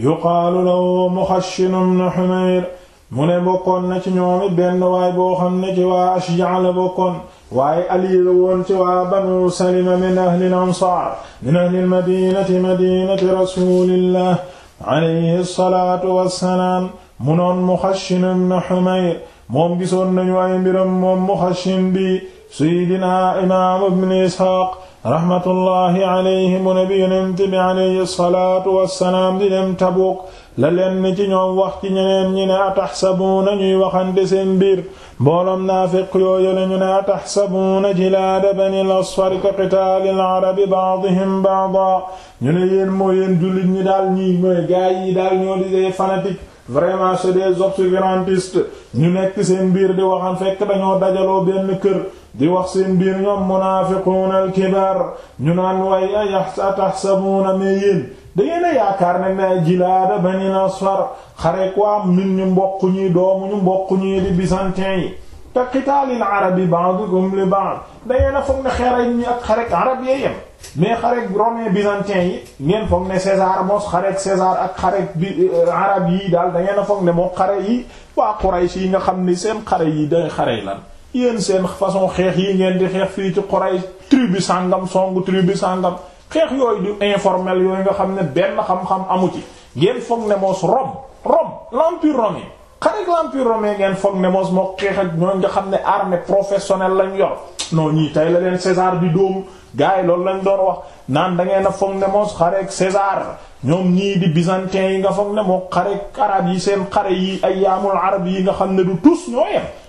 A: yuqaalu lahu muxashin ibn xumayr mu ne bokkoon na ci ñoom it benn waay boo xam ne ci waa ashja la bokkoon waaye alii la woon ci waa banu salima min ahlil ansaar min ahlil madinati madinati rasulillah alayhi salaatu wassalaam mu noon muxashin ibn xumayr moom gisoon nañu ay mbiram moom muxashin bi seydina imaam ibn isxaaq raxmatullahi alayhi mu ne bi yonent bi alayhi salaatu wassalaam di dem Tabuuk la ci ñoom wax ci ñeneen ñi ne ataxsabuuna ñuy waxan seen biir mbooloom naafiq yooyu la ñu ne ataxsabuuna jilaada banil asfar ka qitaalil arabi ba'dihim ba'dan ñu ne yéen moo yéen jullit ñi daal ñii mooy gaay daal ñoo di des fanatiques vraiment c'est des obscurantistes ñu nekk seen biir di waxan fekk dañoo dajaloo benn kër di wax seen biir ñoom munaafiquun alkibaar ñu naan way a yaxsa taxsabuuna ne yéen da ngeen a yaakaar ne naa jilaada bani asfar xare ko am min ñu mboq ñi doomu ñu mboq ñi di byzantin yi te qitaalil arabi ba'dukum li ba'd da ngeen a foog ne xeeray ñi ak xarek arab yee yem mais xarek romain byzantin yi ngeen foog ne César moos xarek César ak xarek bi euh, arab yi daal da ngeen a foog ne moo xare yi waa Quraysh yi nga xam ni seen xare yi day xare lan yéen seen façon xeex yi ngeen di xeex fii ci Quraysh tribu sàngam song tribu sàngam xeex yooyu du informel yooyu nga xam ne benn xam-xam amu ci ngeen foog ne moos Rome Rome l'empire romain xare ak l'empire romain ngeen foog ne moo xeex ak ñooñu nga xam ne armée professionnelle lañ yor noo ñii tey la leen César di dóom gars yi loolu lañ doon wax naan da ngeen a foog ne moos xare ak César ñoom ñii di byzantin yi nga foog ne moo xare ak arab yi seen xare yi ay yaamul arab yi nga xam ne du tous ñoo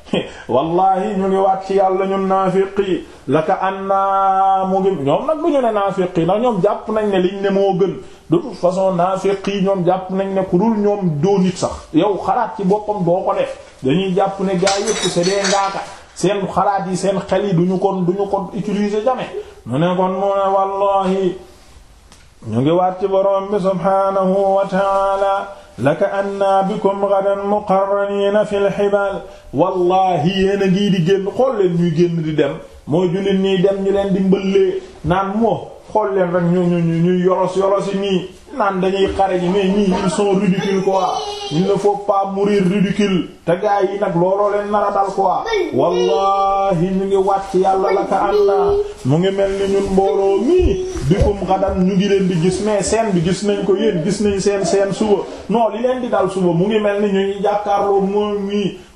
A: wallahi ñu ngi waat ci yàlla ñun naafiq yi la ka annaa mu ngi ñoom nag lu ñu ne naafiq yi ñoom jàpp nañ ne liñ ne moo gën de toute façon naafiq yi ñoom jàpp nañ ne ku dul ñoom doo nit sax yow xalaat ci boppam doo ko def dañuy jàpp ne gaa yépp c'est des ngaaka seen xalaat yi seen xel yi duñu ko utiliser jamais mu ne kon mu ne wallahi ñu ngi waat ci borom bi subhanahu laka anna bikum gadan muqarraniina fil xibaal wallaahi yéen a ngi di génn xool leen ñuy génn di dem mooy jullit ñiy dem ñu leen di mbëllee naan moo xool leen rek ñu ñu ñuy yoros yoros yi nii naan dañuy xare ji mais ñii ils sont ridicules quoi il ne faut pas mourir ridicule te gaa yi nag looloo leen nar a dal quoi wallahi ñu ngi wàcc yàlla la ka ànna mu ngi mel ni ñun mbooloo mii bikum xadan ñu ngi leen di gis mais seen gis nañ ko yéen gis nañ seen seen suba non li leen di mu ngi mel ni ñu ngi jàkkaarloo moom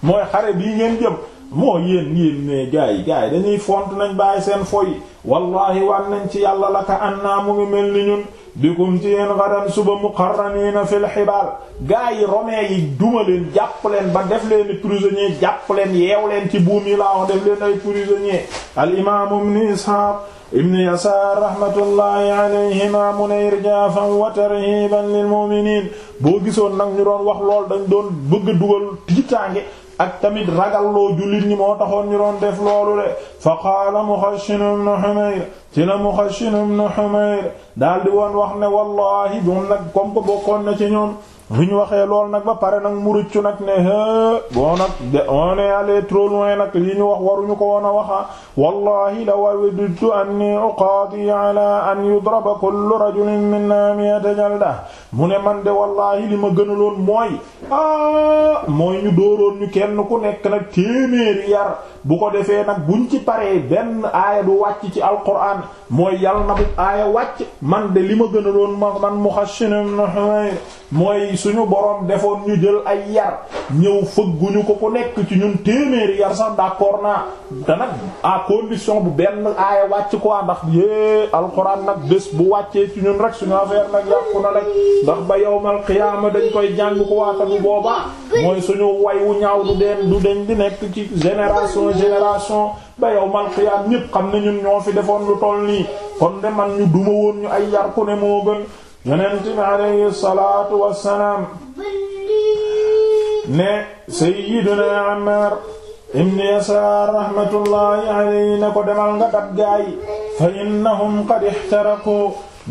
A: mooy xare bii ngeen jëm moo yéen yéen ne gaa yi gaa yi dañuy font nañ bàyyi seen foy wallahi wan nañ ci yàlla la ka ànna mu ngi mel ni ñun bikum ci yéen gadan suba muqarraniina fil xibaal gaa yi romains yi duma leen leen ba def leen prisonnier jàpp leen yeew leen ci buum yi laa wax def leen ay prisonnier al imaamu ibn Isxaaq ibn Yasaar rahmatullahi alayhima mu ne irjaafan wa tarhiiban lil mu'miniin boo nag ñu wax lool dañ doon bëgg a dugal tiitaange ak tamit ragalloo jullit ñi moo taxoon ñu doon def loolu de fa qaala Mukhashin ibn Humayr ci la Mukhashin ibn Humayr daal di woon wax ne wallahi doon nag comme ko bokkoon lu ñu waxee lool nag ba pare nag mu rëccu nag ne bon nag on est allé trop loin nag li ñu wax waruñu ko woon a waxa wallahi la wawadtu anni uqaadi ala an yudraba kullu rajulin minna mi'ata jalda mu ne man de wallahi li ma gënaloon mooy ah mooy ñu dooroon ñu kenn ku nekk nag téeméeri yar bu ko defee nag buñ ci pare benn aaya du wàcc ci alquran mooy yàlla na aaya wàcc man de li ma gënaloon ma man Muxashin ibn Humayr mooy tey suñu borom defoon ñu jël ay yar ñëw fëgguñu ko ku nekk ci ñun téeméeri yar sax d'accord naa te nag à condition bu benn aaya wàcc quoi ah, ndax yée alxuraan nag bés bu wàccee ci ñun rek suñu affaire nag yàqu na rek ndax ba yawmal qiyaama dañ koy jàng ko waata bu booba mooy suñu way wu ñaaw du deen du deñ di nekk ci génération génération ba yawmal qiyaam ñépp xam ne ñun ñoo fi defoon lu toll nii kon de man ñu duma woon ñu ay yar ku ne moo gën yonent bi alayhi salaatu salaam ne sayyiduna Ammaar ibn Yasaar rahmatullahi alayhi ne ko demal nga dab gaay fa innahum qad ihtaraqu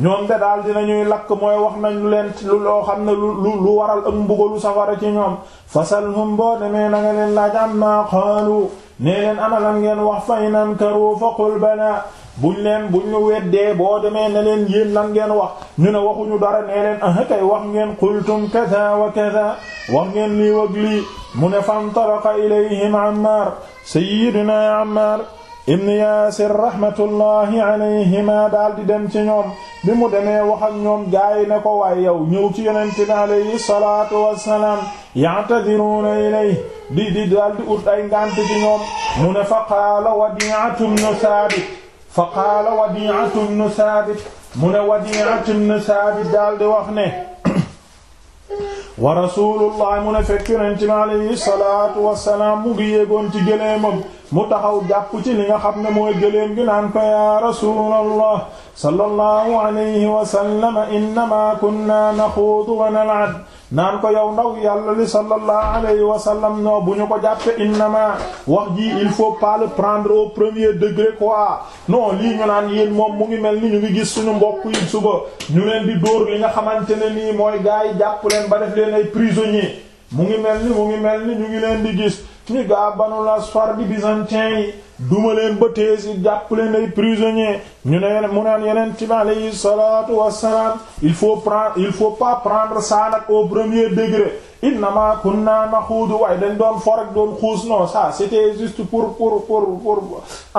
A: ñoom de daal dinañuy lakk mooy wax nañ lu leen lu loo xam ne lu lu waral ak mbugalu safara ci ñoom fasalhum boo demee na nga leen laaj amma qaalu nee leen ana lan ngeen wax fa in ankaru fa qul balaa buñ leen buñ ñu weddee boo demee ne leen yéen ngeen wax ñu ne waxuñu dara nee leen ah kay wax ngeen qultum kaza wa kaza wax ngeen lii wag lii mu ne fantalaqa ilayhim ammar sayyiduna ammar ibn yaasir rahmatullahi alayhima daal di dem ci ñoom bi mu demee wax ak ñoom gaay ne ko waay yow ñëw ci yonente bi alayhi salaatu wassalaam ya'tadiruuna ilayhi di di daal di ay ngànt ci ñoom mu ne fa qaala wadi'atu ibn saabit fa qaala wadi'atu ibn saabit mu ne wadi'atu ibn saabit daal di wax ne wa rasulullah mu ne fekk yonent mi alayhi salaatu wasalaam mu ngi yéegoon ci gëléemam mu taxaw jàpp ci li nga xam ne mooy gëléem gi naan ko yaa wa sallam naan ko yow ndaw yàlla li sallallahu alayhi wa sallam non bu ñu ko jàppe innama wax ji il faut pas le prendre au premier degré quoi non lii ñu naan yéen moom mu ngi mel ni ñu ngi gis suñu mbokk yi suba ñu leen di dóor li nga xamante ne nii mooy gars yi jàpp leen ba def leen ay prisonniers mu ngi mel ni mu ngi mel ni ñu ngi leen di gis ñu gaa la asfar di byzantin yi duma leen ba teesi jàpp leen ay prisonnier ñu ne mu naan yeneen ci alayhi salaatu wassalaam il faut prendre il faut pas prendre ça nag au premier degré innama kunna naxuudu waaye dañ doon forek doon xuus non ça c'était juste pour pour pour pour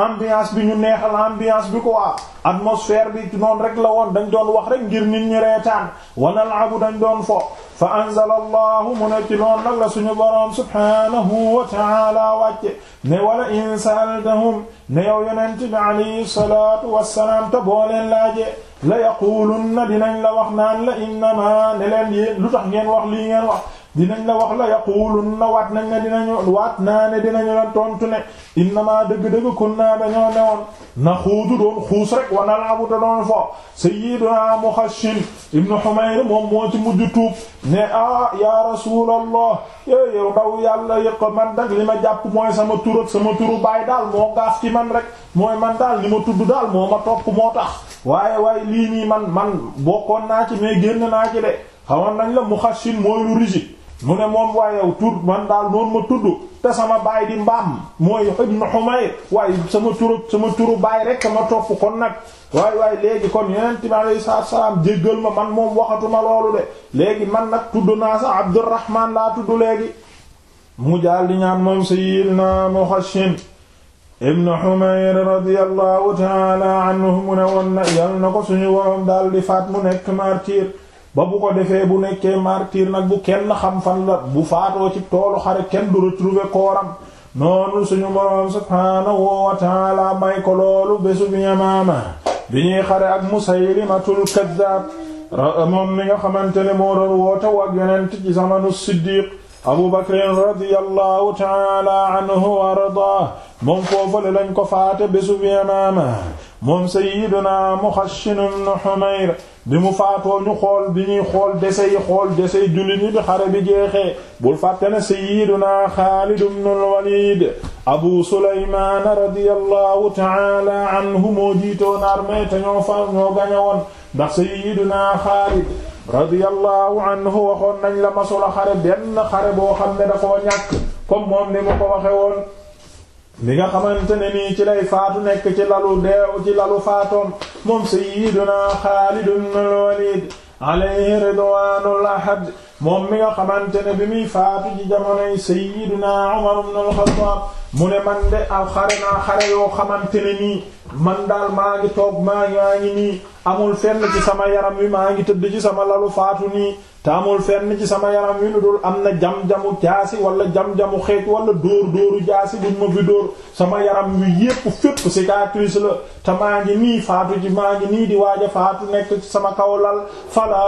A: embiance bi ñu neexal ambiance bi ko quoi atmosphère bi noonu rek la woon dañ doon wax rek ngir ñu ñi reetaan wanal abu dañ doon fo fa anzala allahu mu ne ci noonu nag la suñu boroom subhanahu wa taala wàcce ne wala in sa'altahum ne yow yonent bi alayhi salaatu wassalaam te boo leen laaje la yaquulunna dinañ la wax naan la innamaa ne leen yéen lu tax ngeen wax lii ngeen wax dinañ la wax la yaqulun na waat nañ ne dinañu waat naa ne dinañu la tontu ne innama dëgg-dëgg kunna dañoo newoon na xuudu doon xuus rek wa nalaabu te doon fo sayyiduna Muxashin ibnu Humayr moom moo ci mujj tuub ne ah ya rasulallah é yow daw yàlla yëq man dak li ma jàpp mooy sama tur ak sama turu baay daal moo gaaf ci man rek mooy man daal li ma tudd daal moo ma topp moo tax waaye waaye lii nii man man kon naa ci mais génn naa ci de xawoon nañ la Muxashin mooy lu rigide mu ne moom waaye yow tur man daal noonu ma tudd te sama baay di mbaam mooy ibn Humayr waaye sama turu sama turu baay rek ma topp kon nag waay waay léegi kon yonent bi alayhi salaatu salaam jéggal ma man moom waxatuma loolu de léegi man nag tudd naa sax Abdurrahman laa tudd léegi mu jaal di ñaan moom sayyidina Mukhashin ibn Humayr radiyallahu ta'ala anhu mu ne woon na yal na ko suñu waroon daal di faat mu nekk martyr ba bu ko defee bu nekkee martyr nag bu kenn xam fan bu faatoo ci toolu xare kenn du retrouver kooram noonu suñu boroom subhaanahu wa taala may ko loolu bésu bi Yamaama bi ñuy xare ak Musaylimatul Kaddaab moom mi nga xamante ne moo doon woote wak yonent ci zamanu Siddiq Abu Bakr radiyallahu taala anhu wa ardaa moom foofale lañ ko faate bésu bi Yamaama moom sayyiduna Muxashin ibn Humayr bi mu faatoo xool bi ñuy xool dese yi xool dese yi jullit ñi bi xare bi jeexee bul fàtte na sayyiduna Xaalid ibn al-Walid Abu Sulaymaan radiyallahu ta'ala anhu moo jiitoon armée te ñoo fa ñoo gañawoon ndax sayyiduna Xaalid anhu waxoon nañ la masula xare benn xare boo xam ne da koo ñàkk comme ni mu ko mi nga xamante ne nii ci lay faatu nekk ci lalu deew ci lalu faatoom moom sayyiduna Xaalid ibn Walid alayhi ridwanul ahad moom mi nga xamante ne bi muy faatu ci jamonoy sayyiduna Umar ibn al-Khattab mu ne man de aw xare naa xare yoo xamante ne nii man daal maa ngi toog maa ngi nii amul fenn ci sama yaram wi maa ngi tëdd ci sama lalu faatu nii taamul fenn ci sama yaram wi lu dul am na jam-jamu jaasi wala jam-jamu xeej wala dóor dóoru jaasi buñ ma fi dóor sama yaram wi yépp fépp cicatrice la te maa ngi nii faatu ci maa ngi nii di waaj a faatu nekk ci sama kawlal fala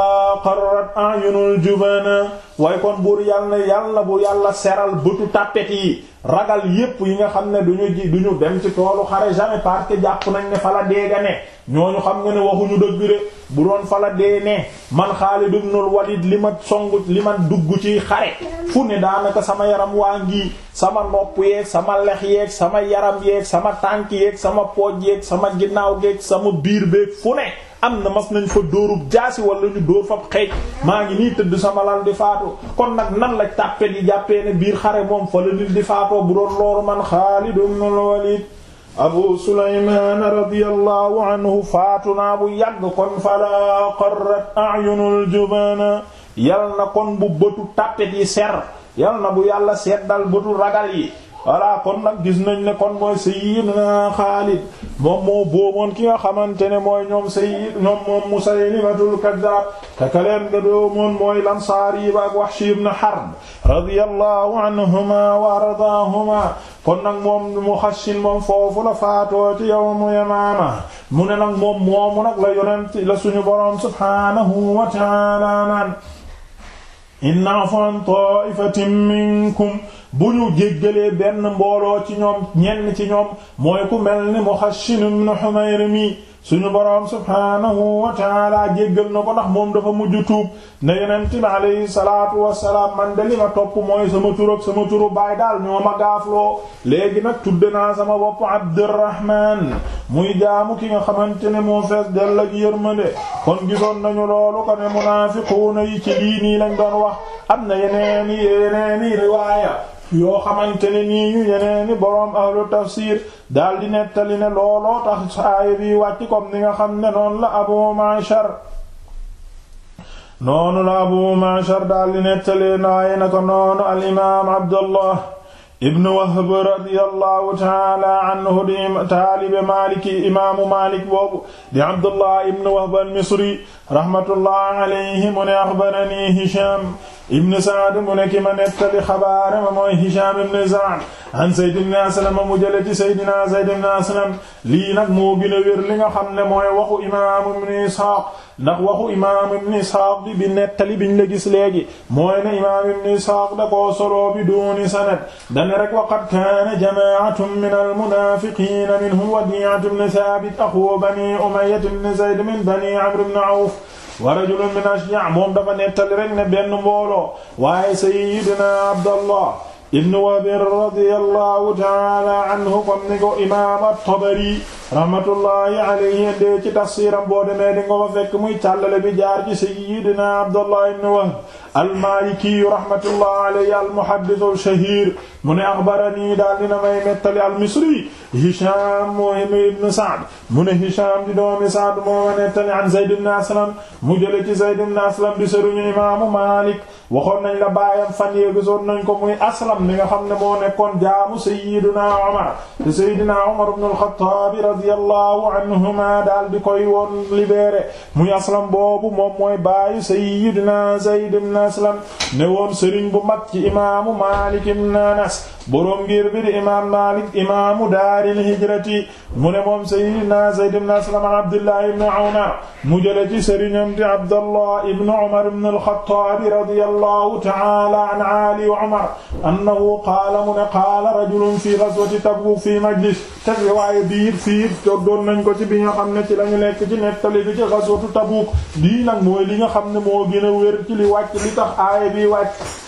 A: qarrat ayunul jubana way kon buur yàlla na yàlla bu yàlla seral bëtu tappet yi ragal yépp yi nga xam ne duñu ji duñu dem ci toolu xare jamais parce que jàpp nañ ne fala déega ne ñooñu xam nga ne waxuñu dëgg de bu doon fala dee ne man Xaalid ibn al-Walid li ma songu li ma dugg ci xare fu ne daanaka sama yaram waa ngi sama nopp yeeg sama lex yeeg sama yaram yeeg sama tànk yeeg sama pooj yeeg sama ginnaaw geeg sama biir beeg fu ne am na mas nañ fa dóorub jaasi wala ñu dóor fab xëy maa ngi nii tëdd sama lal di faatu kon nag nan la tàppet yi jàppee ne biir xare moom fa la di faatoo bu doon loolu man Xaalid ibn al-Walid abu suleymaan radiyallahu anhu faatu bu yàgg kon falaa qarrat ayunul jubana yal na kon bu bëtu tàppet yi ser yal na bu yàlla seddal bëtu ragal yi voilà kon nag gis nañ ne kon mooy sayyidina Xaalid moom moo booboon ki nga xamante ne mooy ñoom sayyid ñoom moom Musaylimatul Kaddaab ka leen nga doomoon Ansaari ba ak Wahshi ibn Harb radiyallahu anhuma wa kon nag moom mu xashin moom foofu la faatoo ci yawmu Yamaama mu ne nag moom moomu nag la yonent la suñu boroom subhaanahu wa ta'aala naan inna fan ta'ifatin minkum bu ñu jéggalee benn mbooloo ci ñoom ñenn ci ñoom mooy ku mel ni Muxashin ibn Humayr mi suñu boroom subhaanahu wa taala jéggal na ko nax moom dafa mujj tuub ne yonent bi alayhi salaatu wassalaam man de li ma topp mooy sama tur ak sama turu baay daal ñoo ma gaafloo léegi nag tudde naa sama bopp Abdurrahman muy jaamu ki nga xamante ne moo fees dell ak yërmande kon gisoon nañu loolu ko ne munaafiquuna yi ci lii nii lañ doon wax am na yeneeni riwaaya yoo xamante ne nii yu yeneeni boroom ahlu tafsir daal di nettali ne looloo tax aaya bi wàcc ni nga xam ne noonu la Abu Ma'shar noonu la Abu Ma'shar daal di nettalee naaye na ko al imaam Abdullah ibn Wahb radiyallahu taala anhu di taalibe Maliki imaamu Malik boobu di Abdullah ibn Wahb al-Misri rahmatullah alayhi mu ne axbarani Hisham ibn Saad mu ne ki ma nettali xabaare ma mooy Hisham ibn Saad an Zayd ibn Aslam mu jële ci Seydina Zayd ibn nag moo gën a wér li nga xam ne mooy waxu imaam ibn Isxaaq bi bi nettali biñ la gis léegi mooy ne imaam ibn Isxaaq da koo soloo bi duuni sanad dane rek wa qad kaana jamaatun min almunaafiqiina minhum Wadii'atu ibn Thaabit axu Banii Umayya ibn Zayd min Banii Amr ibn Awf wa rajulun min Ashja' moom dafa nettali rek ne benn mbooloo waaye sayyidina Abdallah ibn Wahb radiyallahu ta'ala anhu comme ni ko imaam at-Tabari rahmatullahi alayhi de ci tafsiram boo demee di nga ko fekk muy càllale bi jaar ci sayyidina Abdullah ibn Wahb al-Maliki rahmatullahi alayhi al-muhaddith shahir mu ne axbarani daal dina may nettali al-Misri Hisham ibn Sa'd mu ne Hisham di doomi Sa'd moo ma nettali an Zayd ibn Aslam mu jële ci Zayd ibn Aslam di sëriñu imaamu Malik waxoon nañ la baayam fan yee gisoon nañ ko muy Aslam mi nga xam ne moo nekkoon jaamu sayyidina Umar te sayyidina Umar ibn al-Khattab radiyallahu anhuma daal di koy woon libéré muy aslam boobu moom mooy baayu sayyidina Zayd ibn Aslam ne woon sëriñ bu mag ci imaamu Maalik ibn Anas boroom ngir bi di imaam Maalik imaamu daaril hijrati mu ne moom sayyidina Zayd Abdullah ibn Umar mu jële ci sëriñam di Abdallah ibn Umar ibn al-Khattab radiyallahu ta'ala an Ali Umar annahu qaala mu ne qaala rajulun fi ghazwati Tabuk fi majlis te riwaaye biir fiir doon nañ ko ci bi nga xam ne ci lañu nekk ci nettali Tabuk bii nag mooy li nga xam ne moo gën a wér li wàcc li tax bi wàcc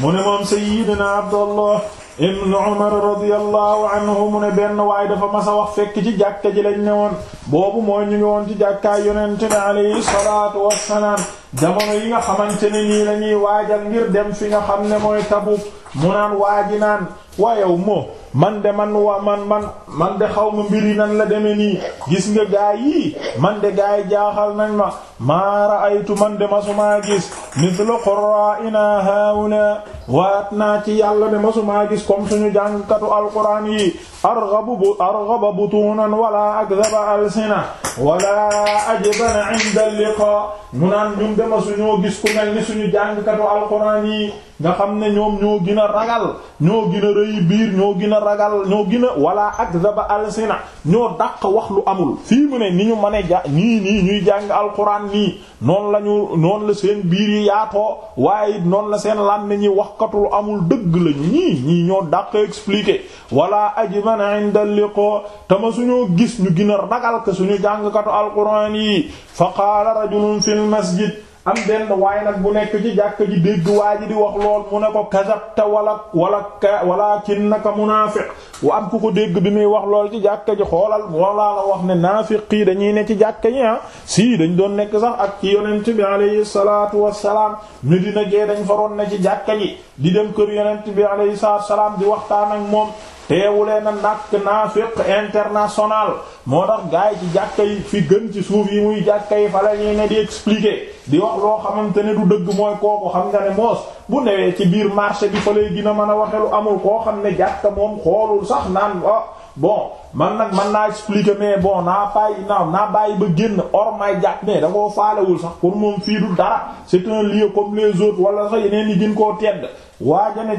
A: mu ne moom sayyidina Abdallah ibn Umar radiyallahu anhu mu ne benn waay dafa masa wax fekk ci jàkka ji lañ ne woon boobu mooy ñu ngi woon ci jàkkaay yonente bi alayhi salaatu wassalaam jamono yi nga xamante ne nii la waajal ngir dem fi nga xam ne mooy Tabuk mu naan waaji naan waayow moo man de man wa man man man de xaw ma mbiri nan la deme nii gis nga gaay man de gaay jaaxal nañ ma maara aytu man de masumaa gis mithlu qurra'ina haula waat naa ci yàlla ne masumaa gis comme suñu jàngkatu alquran yi arghabu arghaba butunan wala akdhaba alsina wala ajbana 'inda naan ñun dema suñoo gis ku mel ni yi nga xam ne ñoom ñoo gina a ragal ñoo gën a biir ñoo gina a ragal a wala akdhaba alsina ñoo dàq wax lu amul fii mu ne ni ñu mën ja nii nii ñuy jàng alquran nii noonu la seen biir yi yaatoo waaye noonu la seen làmmiñ ñi waxkatul amul dëgg lañu ñii ñii ñoo dàq expliquer wala ajiban inda liqo tama suñoo gis ñu gën a ragal ko suñu jàngkatu alquran yi fa qaala rajulun fil masjid am benn waay nag bu nekk ci jàkk ji dégg waa ji di wax lool mu ne ko kasabta wala wala walakinnaka munaafiq wa am ku ko dégg bi muy wax lool ci jàkk ji xoolal wala wax ne naafiq yi dañuy ne ci jàkk ji ah si dañ doon nekk sax ak ci yonent bi alayhi salaatu wassalaam ñu dina jee dañ faroon ne ci jàkk ji di dem kër yonent bi alayhi salaatu wassalaam di waxtaan ak moom teewulee na nàkk naafiq international moo tax gars yi ci jàkka yi fi gën ci suuf yi muy jàkka yi fa la ñuy ne di expliquer di wax loo xamante ne du dëgg mooy kooku xam nga ne moos bu newee ci biir marché bi fa lay gina mën a waxe lu amul koo xam ne jàkka moom xoolul sax naan ah bon man nag man naa expliquer mais bon naa bàyyi naaw naa bàyyi ba génn or may jàpp ne da koo faalewul sax pour moom fii du dara c'est un lieu comme les autres wala sax yeneen yi gën koo tedd waajane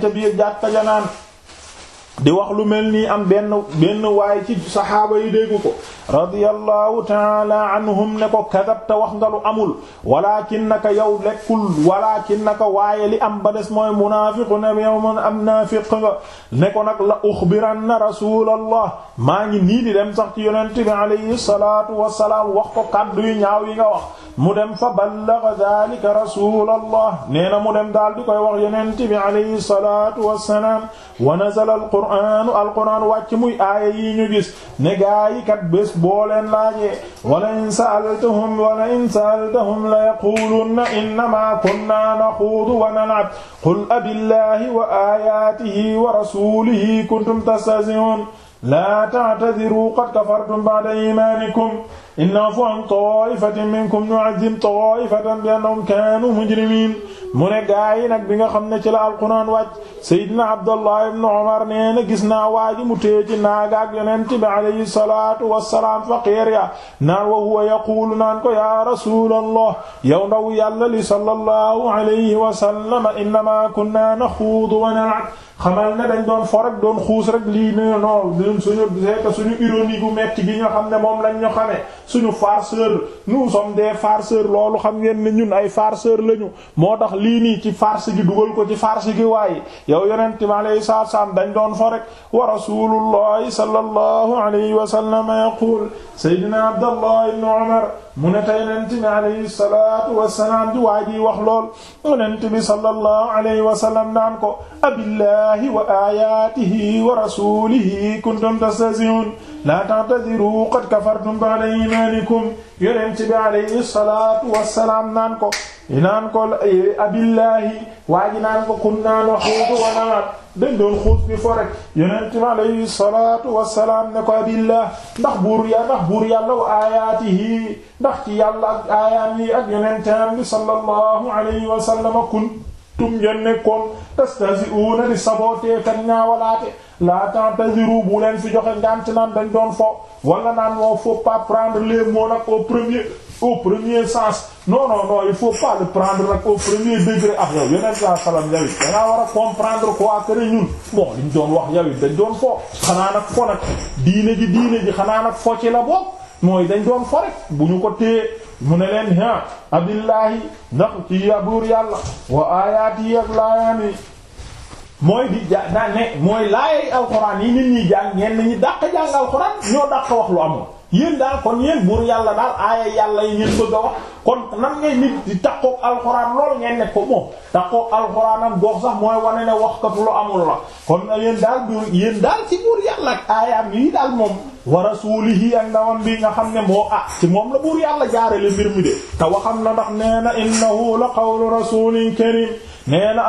A: di wax lu mel ni am benn benn waaye ci saxaaba yi dégg ko radiyallahu taala anhum ne ko kadabta wax nga lu amul walakinnaka yow lekkul walakinnaka waaye li am ba des mooy munafiquna yow man am naafiq nga ne ko nag la uxbiranna rasulallah maa ngi nii di dem sax ci yonent bi alayhi salatu wasalaam wax ko kaddu yu ñaaw yi nga wax mu dem fa ballaga dalika rasulallah nee na mu dem daal di koy wax yonent bi alayhi salatu wasalaam wa nazala al alquranu alquran wàcc muy aaya yi ñu gis ne gaa yi kat bés boo leen laajee wala in saaltahum wala in saaltahum la yaqulunna innama kunna naxuudu wa nalab qul abillahi wa ayatihi wa rasulihi kuntum tastahzi'un laa ta'tadiru qad kafartum ba'da imaanikum in na'fu an ta'ifatin minkum nu'azzib ta'ifatan bi annahum kaanu mujrimiin mu ne gaa yi nag bi nga xam ne ci la alquran wàcc Seydina Abdallah ibn Umar nee na gis naa waa ji mu téye ci naaga ak yonent bi alayhi salaatu wassalaam faqiir ya naan wa huwa yaquulu naan ko yaa rasuulallah yow ndaw yàlla li sallallahu alayhi wa sallam innamaa kunnaa naxuudu wa nal'ab xamal ne dañ doon forek doon xuus rek lii ne non ñun suñu c'est que suñu ironie gu metti gi nga xam ne moom lañ ñu xamee suñu farceur nous sommes des farceurs loolu xam ngeen ne ñun ay farceurs lañu moo tax lii nii ci farce gi dugal ko ci farce gi waaye yow yonent mi alayhi salaatu salaam dañ doon fo rek wa rasulullahi sallallahu alayhi wa sallam yaqul sayyidina abdallah ibn umar mu ne tey yonent mi alayhi salaatu wa salaam di waa ji wax lool yonent bi sallallahu alayhi wa sallam naan ko abillahi wa ayatihi wa rasulihi kuntum tastahzi'un laa ta'tadiru qad kafartum ba'da imanikum yonent bi alayhi salaatu wa salaam naan ko naan ko eh, abillaahi waa ji naan ko kun naa naxuudu wa nal'ab dañ doon xuus bi fo rek yonent mi alayhi wassalaam ne ko abillah ndax buur ya ndax buur yàlla wa aayaatihi ndax ci yàlla ak aayaam yi ak yonentam bi sallallahu alayhi wa sallam kuntum ngeen nekkoon tastahzi'uuna di sabootee kan ñaawalaate la ta'taziru bu leen fi joxe ngant naan dañ doon fo wala naan moo faut pas prendre les mots nag premier au premier sens non non non il faut pas le prendre rek au premier degré ak ah, yow yeneen saa salaam yow it dangaa a comprendre quoi que ne ñun bon liñ doon wax yow it dañ doon fo xanaa nag fo nag diine ji diine ji xanaa nag fo ci la bokk mooy dañ doon fo rek bu ñu ko téye mu ne leen ah abillaahi ndax ci yabuur yàlla wa aayaati ak laayaami mooy di ja daan ne mooy laayay alxuraan yi nit ñi jàng ñenn ñi dàq jàng alxuraan ñoo dàq wax lu amul. yéen daal kon yéen buur yàlla daal aaya yàlla yi ngeen ga a wax kon nan ngay nit di takkoog lool ngeen nekk ko moom takkoog alxuraan am gox sax mooy wane ne wax kat lu amul la kon na yéen daal buur yéen daal ci buur yàlla ak aayaam yi daal moom wa rasuulihi ak ndawam bi nga xam ne moo a ah ci moom la buur yàlla jaarale mbir mi de te waxam na ndax nee na la qawlu rasuulin karim nee na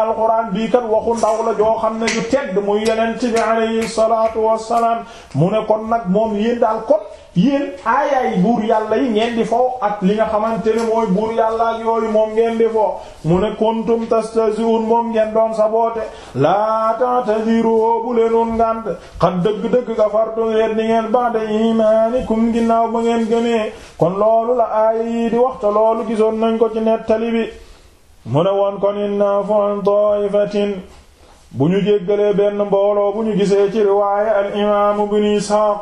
A: bii kat waxu ndaw la joo xam ne ju tedd muy yonent bi alayhi salaatu wassalaam mu ne kon nag moom yéen daal kon yéen aayaay buur yàlla yi ngeen di foo ak li nga xamante ne mooy buur yàlla ak moom ngeen di foo mu ne kuntum tastazi'un moom ngeen doon saboote laa ta'tadiru bu leenoon ngànt xat dëgg-dëgg gafartu ngeen di ngeen ba'da imaanikum ginnaaw ba ngeen gënee kon loolu la aaya yi di waxta loolu gisoon nañ ko ci nettali bi mu ne woon kon inna fon taifatin bu ñu jéggalee benn mbooloo bu ñu gisee ci riwaaya al imaamu ibnu isxaaq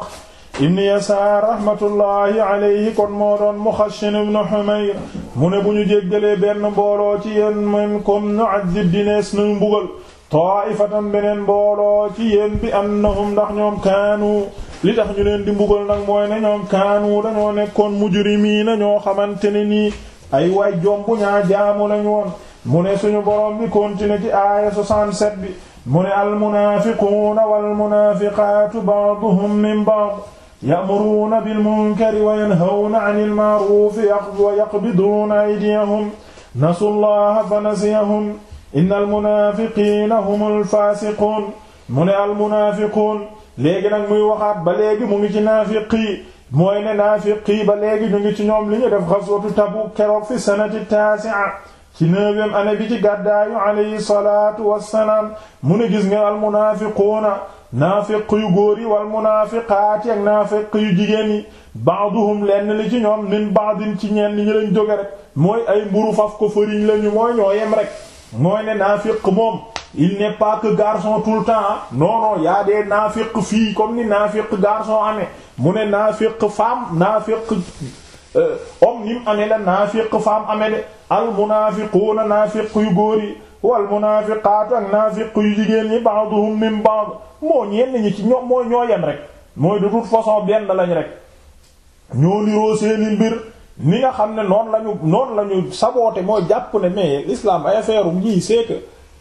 A: ibni yasaar rahmatullahi alayhi kon moo doon muxashin ibnu xumayr mu ne bu ñu jéggalee benn mbooloo ci yéen mêm comme nu addib dinees nañu mbugal taifatan beneen mbooloo ci yéen bi annahum ndax ñoom kaanu li tax ñu leen di mbugal nag mooy na ñoom kaanu dañoo nekkoon mujrimiina ñoo xamante ne nii ay waay jombu ñaa jaamu lañu woon mu ne suñu borom bi continuer ci aaya 67 bi mu ne almunaafiquuna walmunaafiqaatu ba'duhum min ba'd ya'muruuna bilmunkari wa yanhawna 'anil ma'ruufi wa yaqbiduuna aydiyahum nasu llaha fa nasiyahum inna almunaafiqiina humul faasiquun mu ne almunaafiquun léegi nag muy waxaat ba léegi mu ngi ci naafiqi mooy ne naafiqi ba léegi ñu ngi ci ñoom li ñu def ghazwatu Tabuk keroog fi sanati taasi'a ci neuvième année bi ci gàddaayu alayhi salaatu wassalaam mu ne gis nga al munaafiquuna naafiq yu góor yi wal munaafiqaati ak naafiq yu jigéen yi ba'duhum lenn li ci ñoom min ba'din ci ñenn ñi lañ jóge mooy ay mburu faf ko fëriñ lañu mooy ñoo yem rek mooy ne naafiq moom il n'est que garçon tout le temps non non y a fii comme ni naafiq garçon amee mu ne naafiq femme naafiq euh, homme ni mu amee la naafiq femme de al munaafiquuna naafiq yu góor wal munaafiqaatu ak naafiq yu jigéen ñi ba'duhum min ba'd moo ñenn ñi ci ñoom mooy ñoo yem rek mooy de toute façon benn lañ rek ñoo seeni mbir ni nga xam ne noonu la ñu noonu la ñu ne mais l'islam ay affaire um ji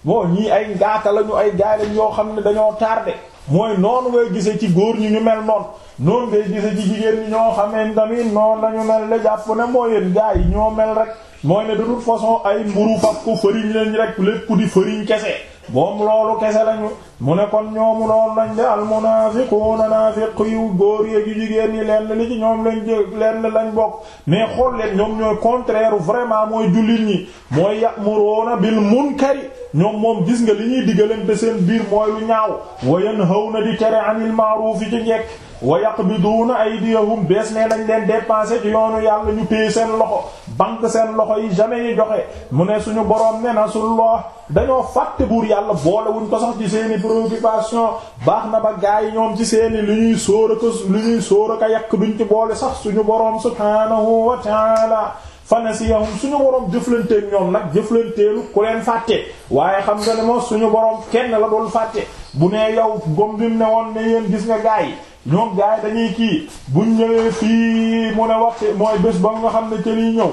A: bon ñii ay ngaaka lañu ay gaay yoo xam ne dañoo tardé mooy noonu ngay gisee ci góor ñi ñu mel noonu noonu ngay gisee ci jigéen ñi ñoo xamee tamit noonu lañu mel la jàpp ne mooy yéen gaay yi ñoo mel rek mooy ne de toute façon ay mburu fak ko fëriñ leen rek lépp di fëriñ kese moom loolu kese lañu mu ne kon ñoomu loolu lañ de almunaafiquuna naafiq yu góor yeeg yu jigéen ñi lenn li ci ñoom lañ jël lenn lañ bokk mais xool leen ñoom ñooy contraire vraiment mooy jullit ñi mooy ya'muruuna bil munkari ñoom moom gis nga li ñuy diggalante seen biir mooy lu ñaaw wa yanhawna di tere anil ma'ruufi ci njekk wa yaqbiduuna aydiyahum bees nee nañ leen dépenser ci yoonu yàlla ñu téye seen loxo banque seen loxo yi jamais yi joxe mu ne suñu boroom ne na sullah dañoo fàtte buur yàlla boole wuñ ko sax ci seeni préoccupation baax na ba gaa yi ñoom ci seeni lu ñuy sóor aka lu ñuy sóor aka yàq duñ ci boole sax suñu boroom subhanahu wa ta'ala fanasiyahum suñu borom jëflanteeg ñoom nag jëflanteelu ku leen fàtte waaye xam nga ne moom suñu borom kenn la doon fàtte bu nee yow gom bi ne woon ne yéen gis nga gaa yi ñoom gars yi dañuy kii buñ ñëwee fii mu ne waxti mooy bés ba nga xam ne ñëw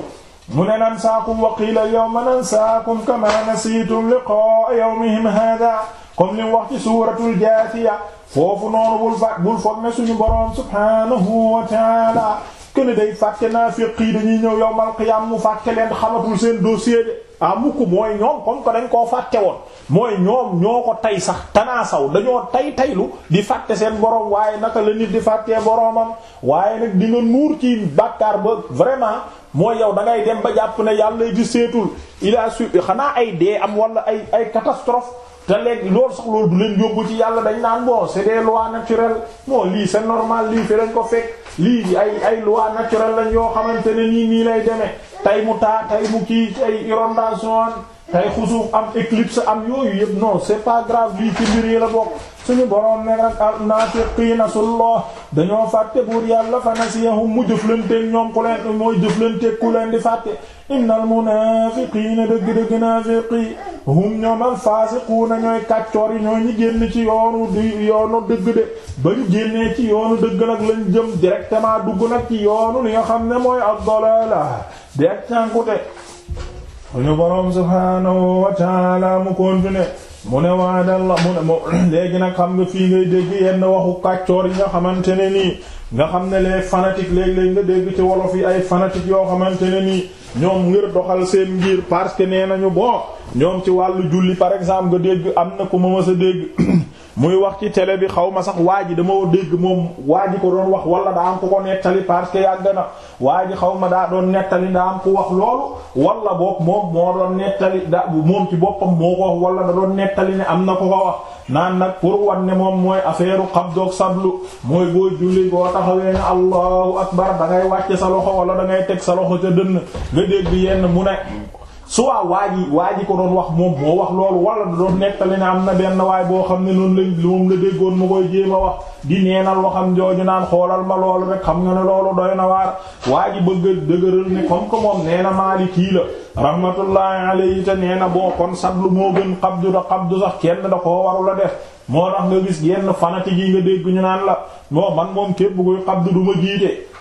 A: mu ne nansaakum wa qiila yawma nansaakum kama nasiitum liqaa yawmihim haadaa comme ni wax ci suuratul jaathiya foofu noonu bul fa bul foog ne suñu boroom subhaanahu wa taala kenn day fàtte naafiq yi dañuy ñëw yawmal qiyaam mu fàtte leen xamatul seen dossier de ah mukk mooy ñoom comme que dañ koo fàtte woon mooy ñoom ñoo ko tey sax tanaa saw dañoo tey taylu di fàtte seen borom waaye naka la nit di fàttee boromam waaye nag di nga nuur ci bàkkaar ba vraiment mooy yow da ngay dem ba jàpp ne yàlla di seetul il a xanaa ay dee am wala ay ay catastrophe te léegi loolu sax loolu du leen yóbbu ci yàlla dañ naan bon c'est des lois naturelles bon lii seen normal lii fi lañ ko fekk. lii ay ay loi naturelle lañ yoo xamante ne nii nii lay demee tey mu taa tey mu kii ay inondation tey xusuuf am éclipse am yooyu yëpp non c'est pas grave lii ci mbir yi la bokk suñu borom ne nag al-naafiqiina sullah dañoo buur yàlla fa nasiyahum mu jëflanteeg ñoom ku leen mooy jëflanteeg ku leen di innal munaafiqiina dëgg-dëgg naafiqi hum ñoom al faasiquuna ñooy kàccoor yi ñooy ñi génn ci yoonu di yoonu dëgg de ba ñu génnee ci yoonu dëgg nag lañ jëm directement dugg nag ci yoonu li nga xam ne mooy ad-dalaala di ak cànkute ñu boroom subhaanahu wa taala mu continuer mu ne waadalla mu ne mo nag xam nga fii ngay dégg yenn waxu kàccoor yi nga xamante ne nii nga xam ne les fanatiques léeg-léeg nga dégg ci wolof yi ay fanatiques yoo xamante ne nii ñoom ngir doxal seen ngir parce que nee nañu bon ñoom ci wàllu julli par exemple nga dégg am na ku ma mës a dégg muy wax ci télé bi xaw ma sax waa ji dama dégg moom waa ji ko doon wax wala daa am ku ko nettali parce que yàgg na waa ji xaw ma daa doon nettali daa am ku wax loolu wala boog moom moo doon nettali da moom ci boppam moo ko wax wala da doon nettali ne am na ku ko wax naan nag pour wan ne moom mooy affaire xabdoog sablu mooy boo julli boo taxawee ne allahu akbar da ngay wàcce sa loxo wala da ngay teg sa loxo ca dënn nga dégg yenn mu ne su waa waa ji waa ji ko doon wax moom moo wax loolu wala da doon nettali ne am na benn waay boo xam ne noonu lañ moom la déggoon mu koy jéem a wax di neenal waxam jooju naan xoolal ma loolu rek xam nga ne loolu doy na waar waa ji bëgg a dëgëral ne comme que moom nee na Maliki la rahmatullahi alayhi te nee na boo kon sablu moo gën xabdu da xabdu sax kenn da koo la def moo tax nga gis yenn fanatique yi nga dégg ñu naan la moo man moom képp kuy xabdu du ma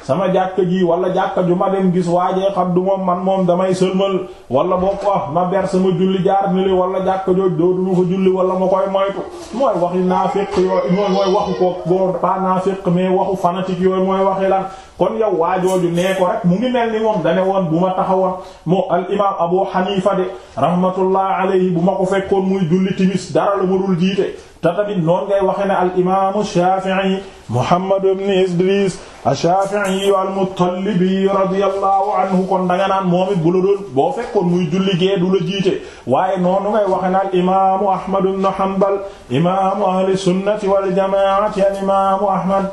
A: sama jàkka jii wala jàkka ju ma dem gis waajee xam du moom man moom damay sëlmal wala boo ko ma ber sama julli jaar ni li wala jàkka jooj dootuma fa julli wala ma koy moytu mooy waxi naafiq yooyu mooy mooy waxu ko boo pas naafiq mais waxu fanatique yooyu mooy waxi lan kon yow waajooju nee ko rek mu ngi mel ni moom dane woon bu ma taxawoon moo al imam Abu Hanifa de rahmatullah alayhi bu ma ko fekkoon muy julli timis dara la ma dul jiite te tamit noonu ngay waxe ne al imaamu Shaafi'i Muhammad ibn Idris ash-Shaafi'i al-Muttalibi radiyallahu anhu kon danga naan moom it bu la doon boo fekkoon muy julli gee du la jiite waaye noonu ngay waxe ne al imaamu Ahmad ibn Hanbal imaamu ahli sunnati wal jamaa'ati al imaamu Ahmad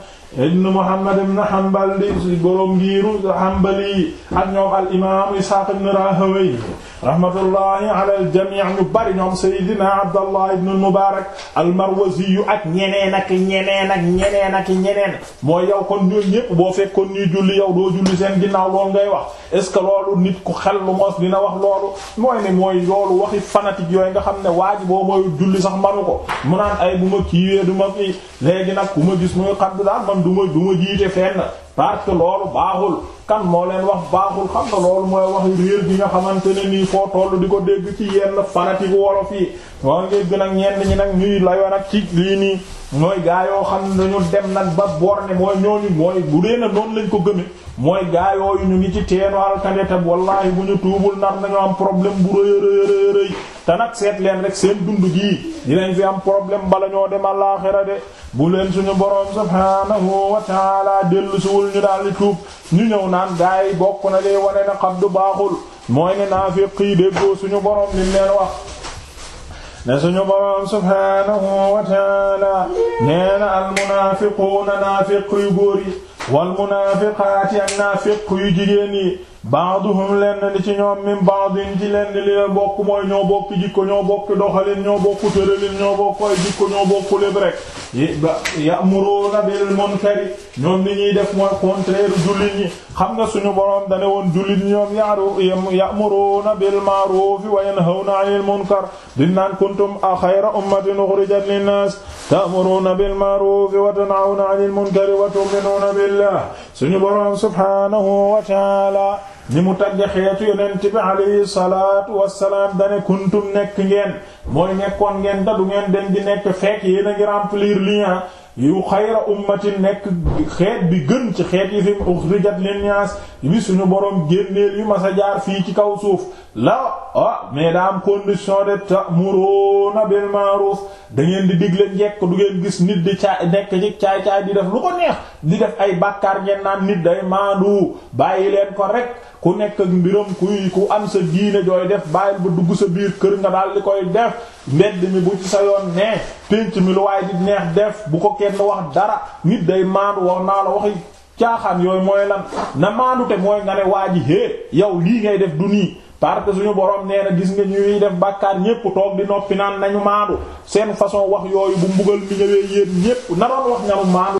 A: ibn Muhammad ibn Hanbal di borom ngiiru Hanbali ak ñoom al imaamu Ishaaq ibn Rahawayh rahmatullahi ala aljamii ñu bari ñoom Seydina Abdallah ibn Mubarak al-Marwazi yu ak ñeneen ak ñeneen ak ñeneen ak ñeneen mooy yow kon ñooñu ñépp boo fekkoon ñuy julli yow doo julli seen ginnaaw loolu ngay wax est ce que loolu nit ku xel lu mos dina wax loolu mooy ne mooy loolu waxi fanatique yooyu nga xam ne waa ji boo mooy julli sax manu ko mu naan ay bu ma kiiwee du ma kii léegi nag ku ma gis muy xaddu daal man du ma du ma jiite fenn parce que loolu baaxul kan moo leen wax baaxul xam nga loolu mooy wax réer bi nga xamante ne nii foo toll di ko dégg ci yenn fanatique wolof yi moo ngeen bi ak ñenn ñi nag ñuy layoon ak ci lii nii mooy gaa yoo xam nañu dañu dem nag ba borne mooy ñooñu mooy bu dee na noonu lañ ko gëmee mooy gaa yooyu ñu ngi ci teenu alkande tab wallaahi bu ñu tuubul nar nañu am problème bu rëy rëy rëy te nag seet leen rek seen dund gii fi am problème bala ñoo dem àllaaxira de bu leen suñu boroom subhaanahu wa dellu siwul ñu daal di tuub ñu ñëw naan gaay yi bokk na liy wane na xabdu baaxul mooy ne naafiq yi suñu boroom li leen wax ne suñu boroom subhaanahu wa taala nee na yu góor wal munaafiqaati ak naafiq yu jigéen baaduhum lenn li ci ñoom min baadin ci lenn li la bokk mooy ñoo bokk jikko ñoo bokk doxalin ñoo bokk tëralin ñoo bokk ay jikko ñoo bokk lépp rek ya'muruna bil munkari ñoom ni ñuy def mooy contraire jullit ñi xam nga suñu boroom dane woon jullit ñi ñoom yaru ya'muruna bil ma'rufi wa yanhawna 'anil munkar dinaan kuntum a ummatin ukhrijat linnas ta'muruna bil ma'rufi wa tanhawna 'anil munkari wa tu'minuna billah suñu boroom ni mu tagge xeetu yonent bi alayhi salaatu wassalaam dane kuntum nekk ngeen mooy nekkoon ngeen da du ngeen dem di nekk fekk yéen a ngi remplir lien yu xayra ummatin nekk xeet bi gën ci xeet yi fi uxrijat linnaas bi suñu borom génneel yu mas a jaar fii ci kaw suuf la ah mais daa am condition de ta'muruna bil ma'ruf da ngeen di digle njekk du ngeen gis nit di caay nekk ci caay caay di def lu ko neex di def ay bàkkaar ngeen naan nit day maandu bàyyi leen ko rek ku nekk ak mbiram kuy ku am sa diine jooy def bàyyil ba dugg sa biir kër nga daal li koy def mbedd mi bu ci sa yoon nee pénc mi lu waaye di neex def bu ko kenn wax dara nit day maandu wax naa la waxi caaxaan yooyu mooy lan na maandu te mooy nga ne waa ji yow lii ngay def du nii parce que suñu borom nee na gis nga ñuy def bàkkaar ñépp toog di noppi naan nañu maandu seen façon wax yooyu bu mbugal mi ñëwee yéen ñépp naroon wax ñamu maandu